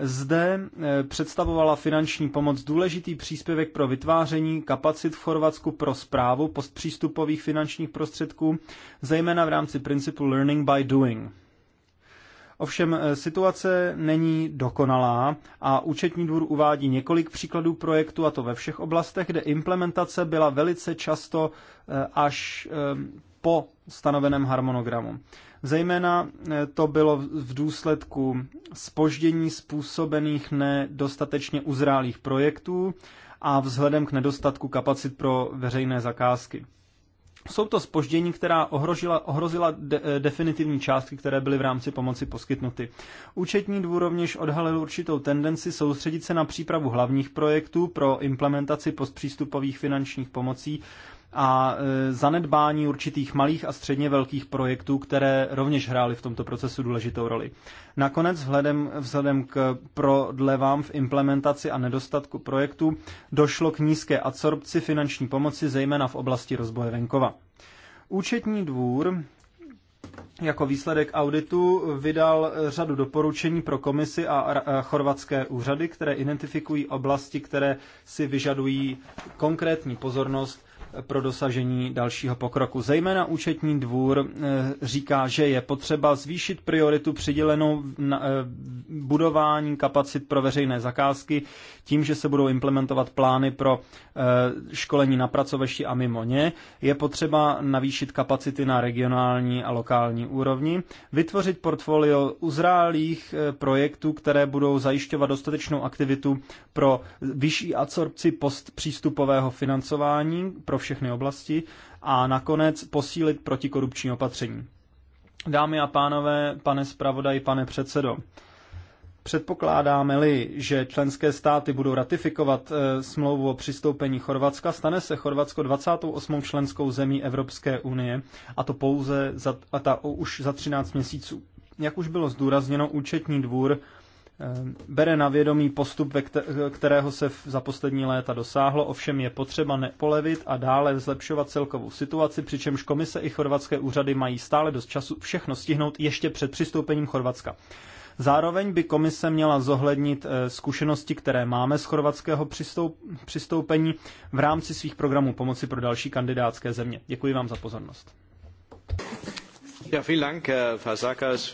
S1: zde e, představovala finanční pomoc důležitý příspěvek pro vytváření kapacit v Chorvatsku pro zprávu postpřístupových finančních prostředků, zejména v rámci principu Learning by Doing – Ovšem eh, situace není dokonalá a účetní dvůr uvádí několik příkladů projektu, a to ve všech oblastech, kde implementace byla velice často eh, až eh, po stanoveném harmonogramu. Zejména to bylo v důsledku spoždění způsobených nedostatečně uzrálých projektů a vzhledem k nedostatku kapacit pro veřejné zakázky. Jsou to spoždění, která ohrožila, ohrozila de, eh, definitivní částky, které byly v rámci pomoci poskytnuty. Účetní dvůr rovněž odhalil určitou tendenci soustředit se na přípravu hlavních projektů pro implementaci postpřístupových finančních pomocí a e, zanedbání určitých malých a středně velkých projektů, které rovněž hrály v tomto procesu důležitou roli. Nakonec vzhledem, vzhledem k prodlevám v implementaci a nedostatku projektů došlo k nízké absorpci finanční pomoci, zejména v oblasti rozboje venkova. Účetní dvůr jako výsledek auditu vydal řadu doporučení pro komisy a chorvatské úřady, které identifikují oblasti, které si vyžadují konkrétní pozornost pro dosažení dalšího pokroku. Zejména účetní dvůr eh, říká, že je potřeba zvýšit prioritu přidělenou na eh, budování kapacit pro veřejné zakázky tím, že se budou implementovat plány pro eh, školení na pracovešti a mimo ně. Je potřeba navýšit kapacity na regionální a lokální úrovni, vytvořit portfolio uzrálých projektů, které budou zajišťovat dostatečnou aktivitu pro vyšší absorpci postpřístupového financování pro všechny oblasti a nakonec posílit protikorupční opatření. Dámy a pánové, pane zpravodaj, pane předsedo, Předpokládáme-li, že členské státy budou ratifikovat eh, smlouvu o přistoupení Chorvatska, stane se Chorvatsko 28. členskou zemí Evropské unie, a to pouze za, a ta, už za 13 měsíců. Jak už bylo zdůrazněno, účetní dvůr Eh, bere na vědomí postup, kterého se za poslední léta dosáhlo, ovšem je potřeba nepolevit a dále zlepšovat celkovou situaci, přičemž komise i chorvatské úřady mají stále dost času všechno stihnout ještě před přistoupením Chorvatska. Zároveň by komise měla zohlednit eh, zkušenosti, které máme z chorvatského přistoupení v rámci svých programů pomoci pro další kandidátské země. Děkuji vám za pozornost.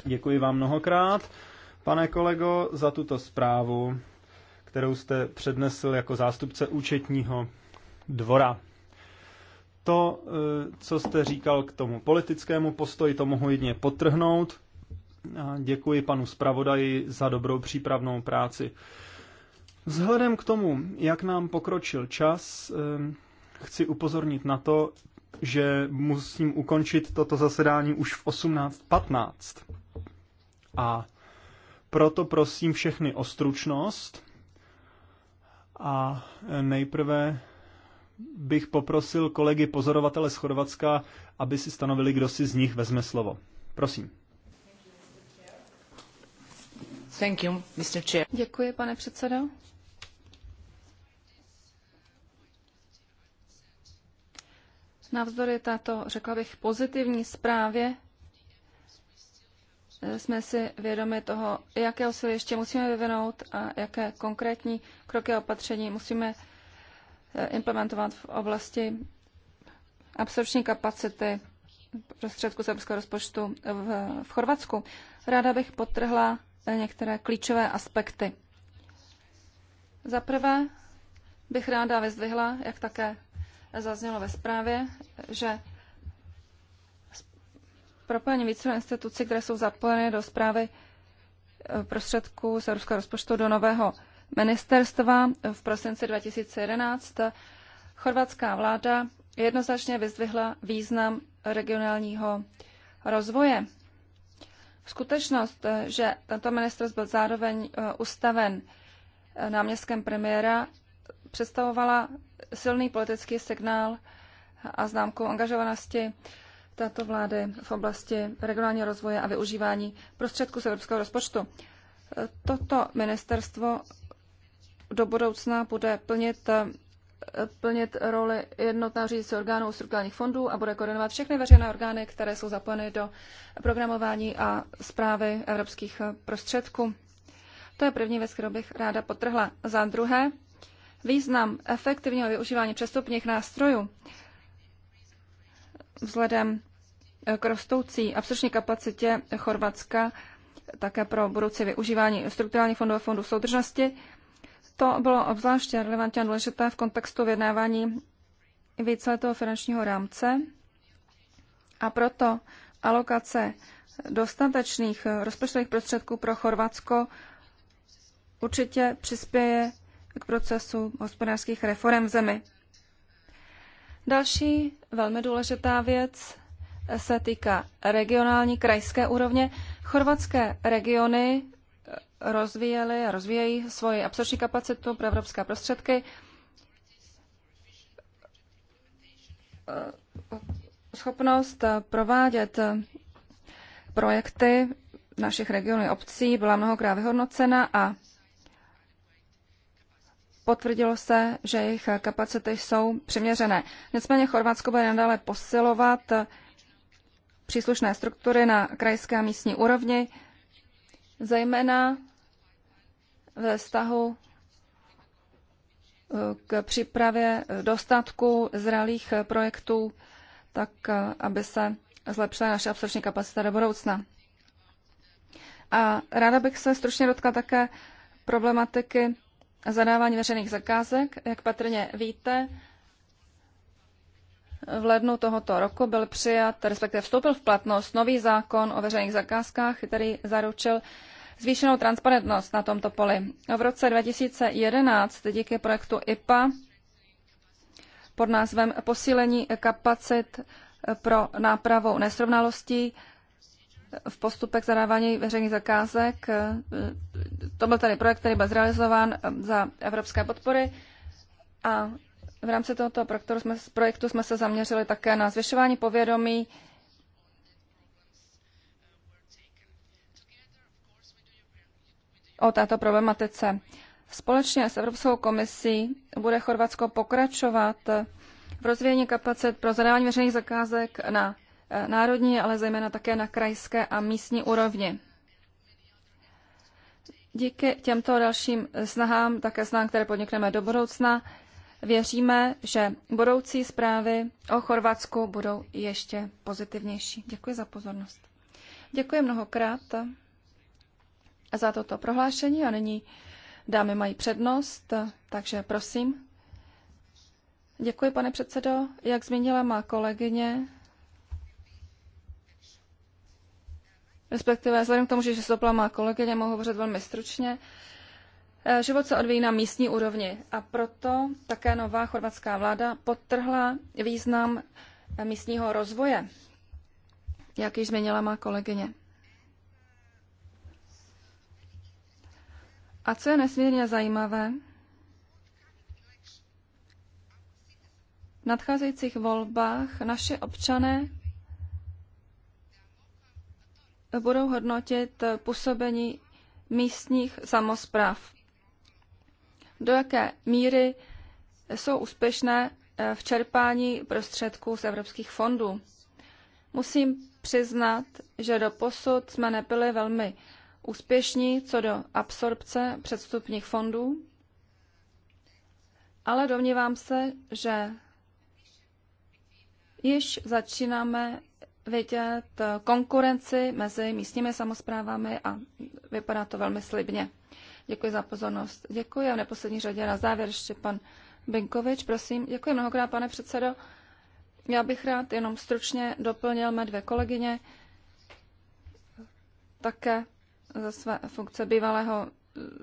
S1: Děkuji vám mnohokrát pane kolego, za tuto zprávu, kterou jste přednesl jako zástupce účetního dvora. To, eh, co jste říkal k tomu politickému postoji, to mohu jedně potrhnout. děkuji panu zpravodaji za dobrou přípravnou práci. Vzhledem k tomu, jak nám pokročil čas, eh, chci upozornit na to, že musím ukončit toto zasedání už v 18.15. A proto prosím všechny o stručnost a nejprve bych poprosil kolegy pozorovatele z Chorvatska, aby si stanovili, kdo si z nich vezme slovo. Prosím.
S3: Thank you, Mr. Chair. Děkuji, pane předsedo. Navzdory této, řekla bych, pozitivní zprávě jsme si vědomi toho, jaké osily ještě musíme vyvinout a jaké konkrétní kroky a opatření musíme eh, implementovat v oblasti absorpční kapacity prostředku srbského rozpočtu v, v Chorvatsku. Ráda bych potrhla eh, některé klíčové aspekty. Za prvé bych ráda vyzdvihla, jak také zaznělo ve zprávě, že propojení více institucí, které jsou zapojeny do zprávy eh, prostředků z evropského rozpočtu do nového ministerstva v prosinci 2011. Chorvatská vláda jednoznačně vyzdvihla význam regionálního rozvoje. Skutečnost, eh, že tento ministerstvo byl zároveň eh, ustaven náměstkem premiéra, představovala silný politický signál a známku angažovanosti této vlády v oblasti regionálního rozvoje a využívání prostředků z evropského rozpočtu. Toto ministerstvo do budoucna bude plnit plnit roli jednotného řídícího orgánu strukturálních fondů a bude koordinovat všechny veřejné orgány, které jsou zapojeny do programování a zprávy evropských prostředků. To je první věc, kterou bych ráda potrhla. Za druhé, význam efektivního využívání přestupních nástrojů vzhledem eh, k rostoucí absorční kapacitě Chorvatska také pro budoucí využívání strukturálních fondů a fondů soudržnosti. To bylo obzvláště relevantně a důležité v kontextu vyjednávání víceletého finančního rámce a proto alokace dostatečných eh, rozpočtových prostředků pro Chorvatsko určitě přispěje k procesu hospodářských reform v zemi. Další velmi důležitá věc se týká regionální krajské úrovně. Chorvatské regiony eh, rozvíjely a rozvíjejí svoji absorpční kapacitu pro evropské prostředky. Eh, schopnost eh, provádět projekty našich regionů obcí byla mnohokrát vyhodnocena a potvrdilo se, že jejich kapacity jsou přiměřené. Nicméně Chorvatsko bude nadále posilovat příslušné struktury na krajské a místní úrovni, zejména ve vztahu eh, k přípravě dostatku zralých projektů, tak eh, aby se zlepšila naše absorpční kapacita do budoucna. A ráda bych se stručně dotkla také problematiky zadávání veřejných zakázek. Jak patrně víte, v lednu tohoto roku byl přijat, respektive vstoupil v platnost nový zákon o veřejných zakázkách, který zaručil zvýšenou transparentnost na tomto poli. V roce 2011 díky projektu IPA pod názvem Posílení kapacit pro nápravu nesrovnalostí v postupech zadávání veřejných zakázek. To byl tady projekt, který byl zrealizován um, za evropské podpory a v rámci tohoto projektu jsme, projektu jsme se zaměřili také na zvyšování povědomí o této problematice. Společně s Evropskou komisí bude Chorvatsko pokračovat v rozvíjení kapacit pro zadávání veřejných zakázek na národní, ale zejména také na krajské a místní úrovni. Díky těmto dalším snahám, také snahám, které podnikneme do budoucna, věříme, že budoucí zprávy o Chorvatsku budou ještě pozitivnější. Děkuji za pozornost. Děkuji mnohokrát za toto prohlášení a nyní dámy mají přednost, takže prosím. Děkuji, pane předsedo. Jak zmínila má kolegyně, respektive vzhledem k tomu, že Žesopla má kolegyně, mohu hovořit velmi stručně. Eh, život se odvíjí na místní úrovni a proto také nová chorvatská vláda podtrhla význam eh, místního rozvoje, jak již změnila má kolegyně. A co je nesmírně zajímavé, v nadcházejících volbách naše občané budou hodnotit působení místních samozpráv. Do jaké míry jsou úspěšné eh, v čerpání prostředků z evropských fondů. Musím přiznat, že do posud jsme nebyli velmi úspěšní co do absorpce předstupních fondů, ale domnívám se, že již začínáme vidět konkurenci mezi místními samozprávami a vypadá to velmi slibně. Děkuji za pozornost. Děkuji a v neposlední řadě na závěr ještě pan Binkovič, prosím. Děkuji mnohokrát, pane předsedo. Já bych rád jenom stručně doplnil mé dvě kolegyně, také ze své funkce bývalého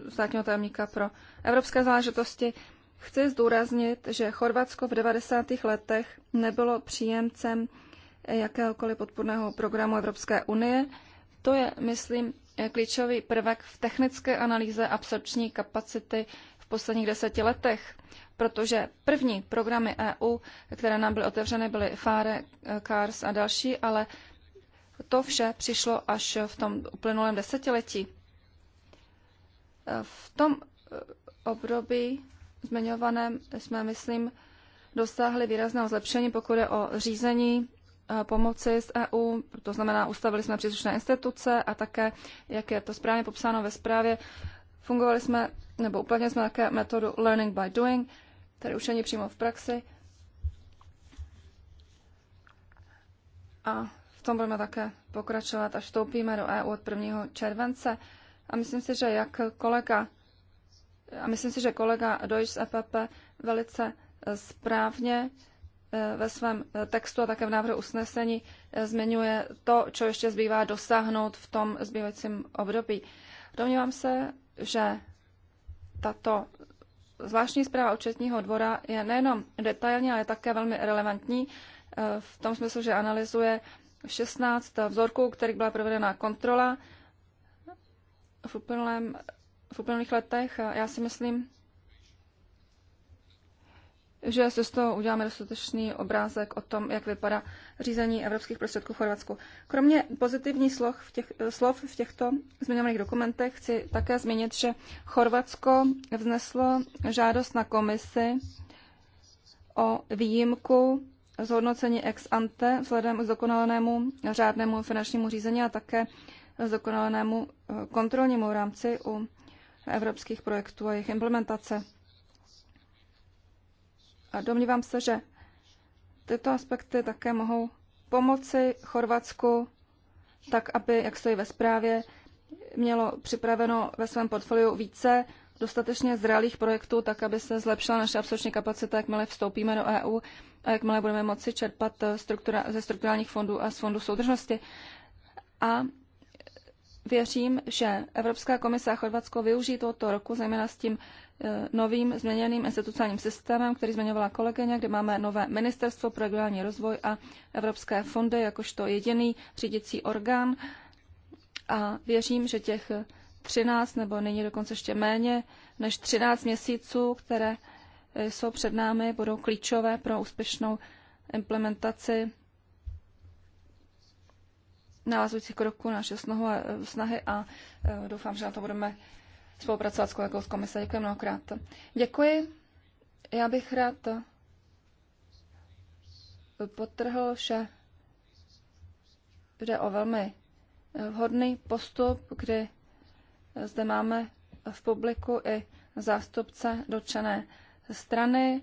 S3: státního tajemníka pro evropské záležitosti. Chci zdůraznit, že Chorvatsko v 90. letech nebylo příjemcem jakéhokoliv podpůrného programu Evropské unie. To je, myslím, klíčový prvek v technické analýze absorpční kapacity v posledních deseti letech, protože první programy EU, které nám byly otevřeny, byly FARE, CARS a další, ale to vše přišlo až v tom uplynulém desetiletí. V tom období zmiňovaném jsme, myslím, dosáhli výrazného zlepšení, pokud je o řízení Eh, pomoci z EU, to znamená, ustavili jsme příslušné instituce a také, jak je to správně popsáno ve zprávě, fungovali jsme, nebo úplně jsme také metodu learning by doing, tedy učení přímo v praxi. A v tom budeme také pokračovat, až vstoupíme do EU od 1. července. A myslím si, že jak kolega, a myslím si, že kolega Deutsch z EPP velice správně Eh, ve svém eh, textu a také v návrhu usnesení eh, zmiňuje to, co ještě zbývá dosáhnout v tom zbývajícím období. Domnívám se, že tato zvláštní zpráva účetního dvora je nejenom detailní, ale je také velmi relevantní v tom smyslu, že analyzuje 16 vzorků, kterých byla provedena kontrola v, uplynulém, v uplynulých letech. Já si myslím, že se z toho uděláme dostatečný obrázek o tom, jak vypadá řízení evropských prostředků v Chorvatsku. Kromě pozitivních slov v, těch, slov v těchto zmiňovaných dokumentech chci také zmínit, že Chorvatsko vzneslo žádost na komisi o výjimku zhodnocení ex ante vzhledem k zdokonalenému řádnému finančnímu řízení a také zdokonalenému eh, kontrolnímu rámci u evropských projektů a jejich implementace. Domnívám se, že tyto aspekty také mohou pomoci Chorvatsku, tak aby, jak stojí ve zprávě, mělo připraveno ve svém portfoliu více dostatečně zralých projektů, tak aby se zlepšila naše absorpční kapacita, jakmile vstoupíme do EU a jakmile budeme moci čerpat struktura, ze strukturálních fondů a z fondů soudržnosti. A věřím, že Evropská komise a Chorvatsko využijí tohoto roku, zejména s tím Eh, novým změněným institucionálním systémem, který zmiňovala kolegyně, kde máme nové Ministerstvo pro regionální rozvoj a Evropské fondy jakožto jediný řídící orgán. A věřím, že těch 13 nebo nyní dokonce ještě méně než 13 měsíců, které eh, jsou před námi, budou klíčové pro úspěšnou implementaci navazujících kroků naše eh, snahy a doufám, že na to budeme spolupracovat s kolegou z komise. Děkuji mnohokrát. Děkuji. Já bych rád potrhl, že jde o velmi vhodný postup, kdy zde máme v publiku i zástupce dočené strany,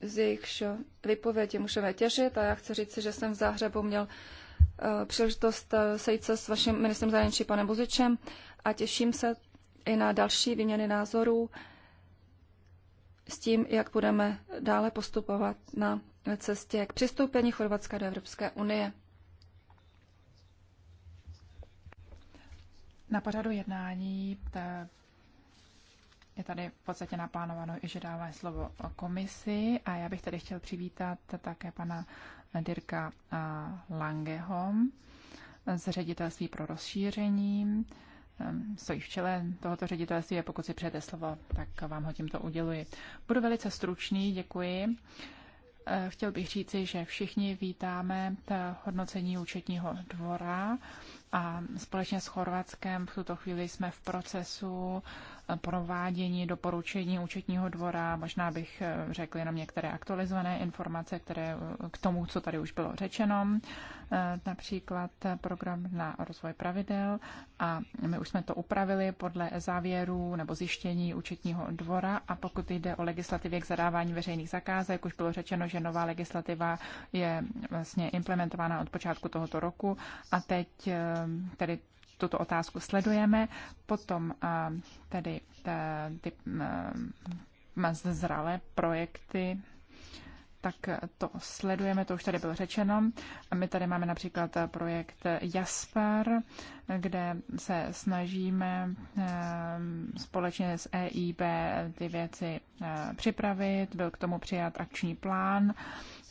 S3: z jejichž vypovědi můžeme těžit. A já chci říct, že jsem v záhřebu měl Eh, příležitost eh, sejít se s vaším ministrem zahraničí panem Buzičem a těším se i na další výměny názorů s tím, jak budeme dále postupovat na cestě k přistoupení Chorvatska do Evropské unie. Na pořadu jednání
S2: eh, je tady v podstatě naplánováno i, že dává slovo komisi a já bych tady chtěl přivítat také pana Dirka eh, Langeho z ředitelství pro rozšíření. Eh, stojí v čele tohoto ředitelství a pokud si přejete slovo, tak vám ho tímto uděluji. Budu velice stručný, děkuji. Eh, chtěl bych říci, že všichni vítáme hodnocení účetního dvora a společně s Chorvatskem v tuto chvíli jsme v procesu provádění doporučení účetního dvora. Možná bych eh, řekl jenom některé aktualizované informace, které eh, k tomu, co tady už bylo řečeno, eh, například program na rozvoj pravidel a my už jsme to upravili podle závěrů nebo zjištění účetního dvora a pokud jde o legislativě k zadávání veřejných zakázek, už bylo řečeno, že nová legislativa je vlastně implementována od počátku tohoto roku a teď tedy tuto otázku sledujeme. Potom eh, tedy eh, ty eh, zralé projekty tak to sledujeme, to už tady bylo řečeno. My tady máme například projekt Jasper, kde se snažíme společně s EIB ty věci Eh, připravit, byl k tomu přijat akční plán,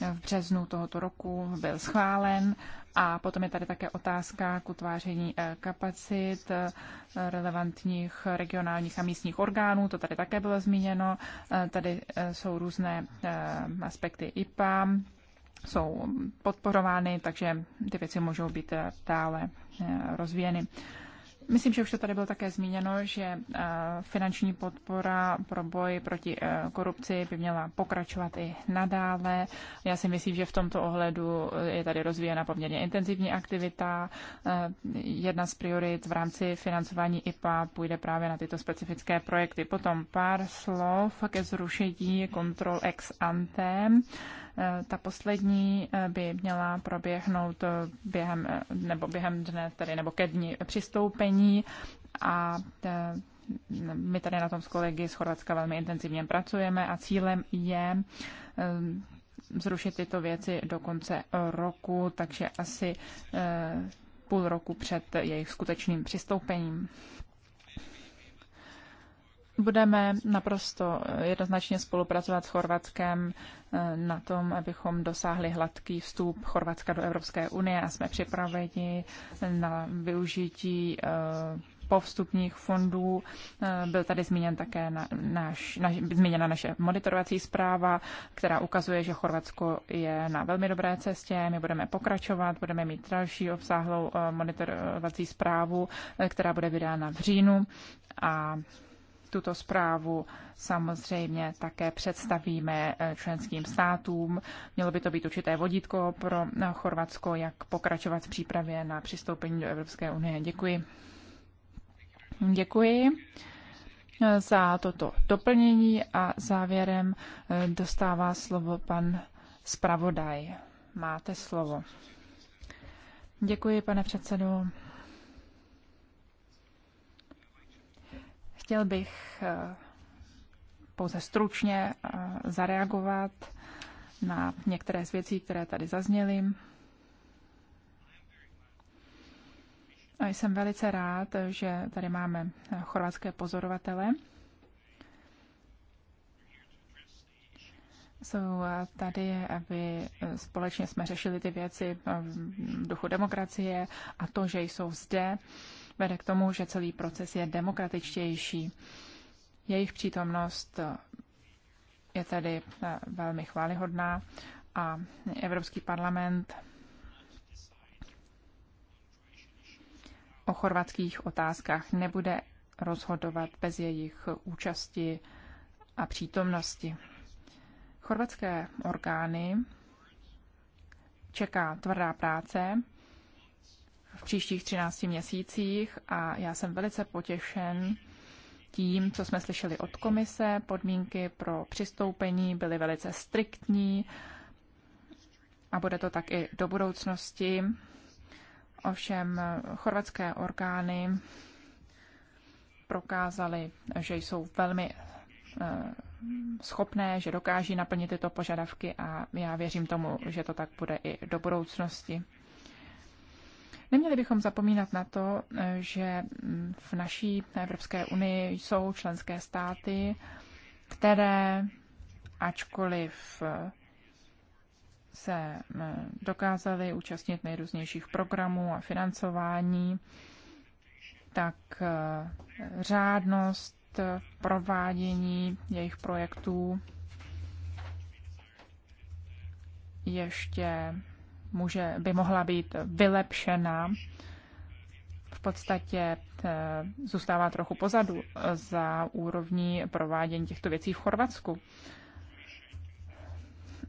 S2: eh, v březnu tohoto roku byl schválen a potom je tady také otázka k utváření eh, kapacit relevantních regionálních a místních orgánů, to tady také bylo zmíněno, tady jsou různé aspekty IPA, jsou podporovány, takže ty věci můžou být dále rozvíjeny. Myslím, že už to tady bylo také zmíněno, že eh, finanční podpora pro boj proti eh, korupci by měla pokračovat i nadále. Já si myslím, že v tomto ohledu eh, je tady rozvíjena poměrně intenzivní aktivita. Jedna z priorit v rámci financování IPA půjde právě na tyto specifické projekty. Potom pár slov ke zrušení kontrol ex ante. Eh, ta poslední eh, by měla proběhnout eh, během, nebo během dne, tedy, nebo ke dní přistoupení a my tady na tom s kolegy z Chorvatska velmi intenzivně pracujeme a cílem je zrušit tyto věci do konce roku, takže asi půl roku před jejich skutečným přistoupením. Budeme naprosto jednoznačně spolupracovat s Chorvatskem eh, na tom, abychom dosáhli hladký vstup Chorvatska do Evropské unie a jsme připraveni na využití eh, povstupních fondů. Eh, byl tady zmíněn také na, naš, na, zmíněna naše monitorovací zpráva, která ukazuje, že Chorvatsko je na velmi dobré cestě. My budeme pokračovat, budeme mít další obsáhlou monitorovací zprávu, která bude vydána v říjnu. A tuto zprávu samozřejmě také představíme eh, členským státům. Mělo by to být určité vodítko pro eh, Chorvatsko, jak pokračovat v přípravě na přistoupení do Evropské unie. Děkuji. Děkuji eh, za toto doplnění a závěrem dostává slovo pan zpravodaj. Máte slovo. Děkuji, pane předsedo. Chtěl bych eh, pouze stručně eh, zareagovat na některé z věcí, které tady zazněly. A jsem velice rád, že tady máme eh, chorvatské pozorovatele. Jsou tady, aby společně jsme řešili ty věci v duchu demokracie a to, že jsou zde, vede k tomu, že celý proces je demokratičtější. Jejich přítomnost je tedy eh, velmi chválihodná a Evropský parlament o chorvatských otázkách nebude rozhodovat bez jejich účasti a přítomnosti. Chorvatské orgány čeká tvrdá práce v příštích 13 měsících a já jsem velice potěšen tím, co jsme slyšeli od komise. Podmínky pro přistoupení byly velice striktní a bude to tak i do budoucnosti. Ovšem chorvatské orgány prokázaly, že jsou velmi eh, schopné, že dokáží naplnit tyto požadavky a já věřím tomu, že to tak bude i do budoucnosti. Neměli bychom zapomínat na to, eh, že mm, v naší Evropské unii jsou členské státy, které ačkoliv eh, se eh, dokázali účastnit nejrůznějších programů a financování, tak řádnost provádění jejich projektů ještě může, by mohla být vylepšena. V podstatě eh, zůstává trochu pozadu eh, za úrovní provádění těchto věcí v Chorvatsku.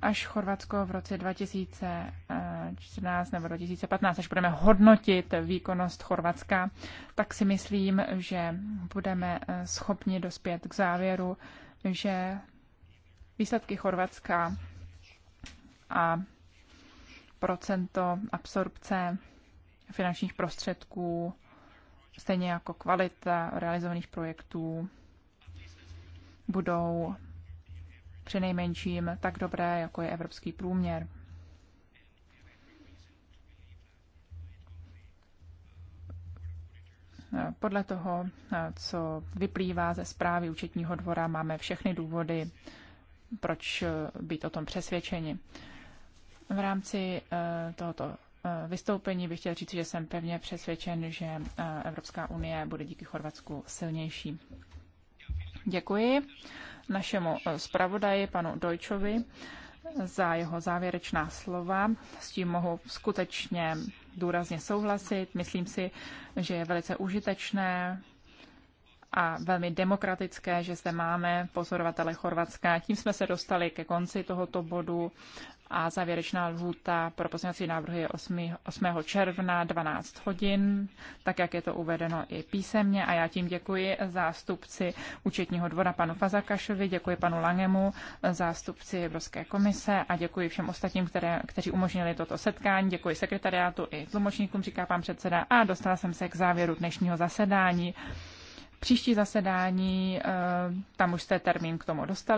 S2: Až Chorvatsko v roce 2014 nebo 2015, až budeme hodnotit výkonnost Chorvatska, tak si myslím, že budeme eh, schopni dospět k závěru, že výsledky Chorvatska a procento absorpce finančních prostředků, stejně jako kvalita realizovaných projektů budou přinejmenším tak dobré, jako je evropský průměr. Podle toho, co vyplývá ze zprávy účetního dvora, máme všechny důvody, proč být o tom přesvědčeni. V rámci eh, tohoto eh, vystoupení bych chtěl říct, že jsem pevně přesvědčen, že eh, Evropská unie bude díky Chorvatsku silnější. Děkuji našemu zpravodaji, panu Dojčovi, za jeho závěrečná slova. S tím mohu skutečně důrazně souhlasit. Myslím si, že je velice užitečné a velmi demokratické, že zde máme pozorovatele Chorvatska. Tím jsme se dostali ke konci tohoto bodu a závěrečná lhůta pro pozměňovací návrhy je 8. 8. června 12 hodin, tak jak je to uvedeno i písemně. A já tím děkuji zástupci účetního dvora panu Fazakašovi, děkuji panu Langemu, zástupci Evropské komise a děkuji všem ostatním, které, kteří umožnili toto setkání. Děkuji sekretariátu i tlumočníkům, říká pan předseda. A dostala jsem se k závěru dnešního zasedání. Příští zasedání, eh, tam už jste termín k tomu dostali.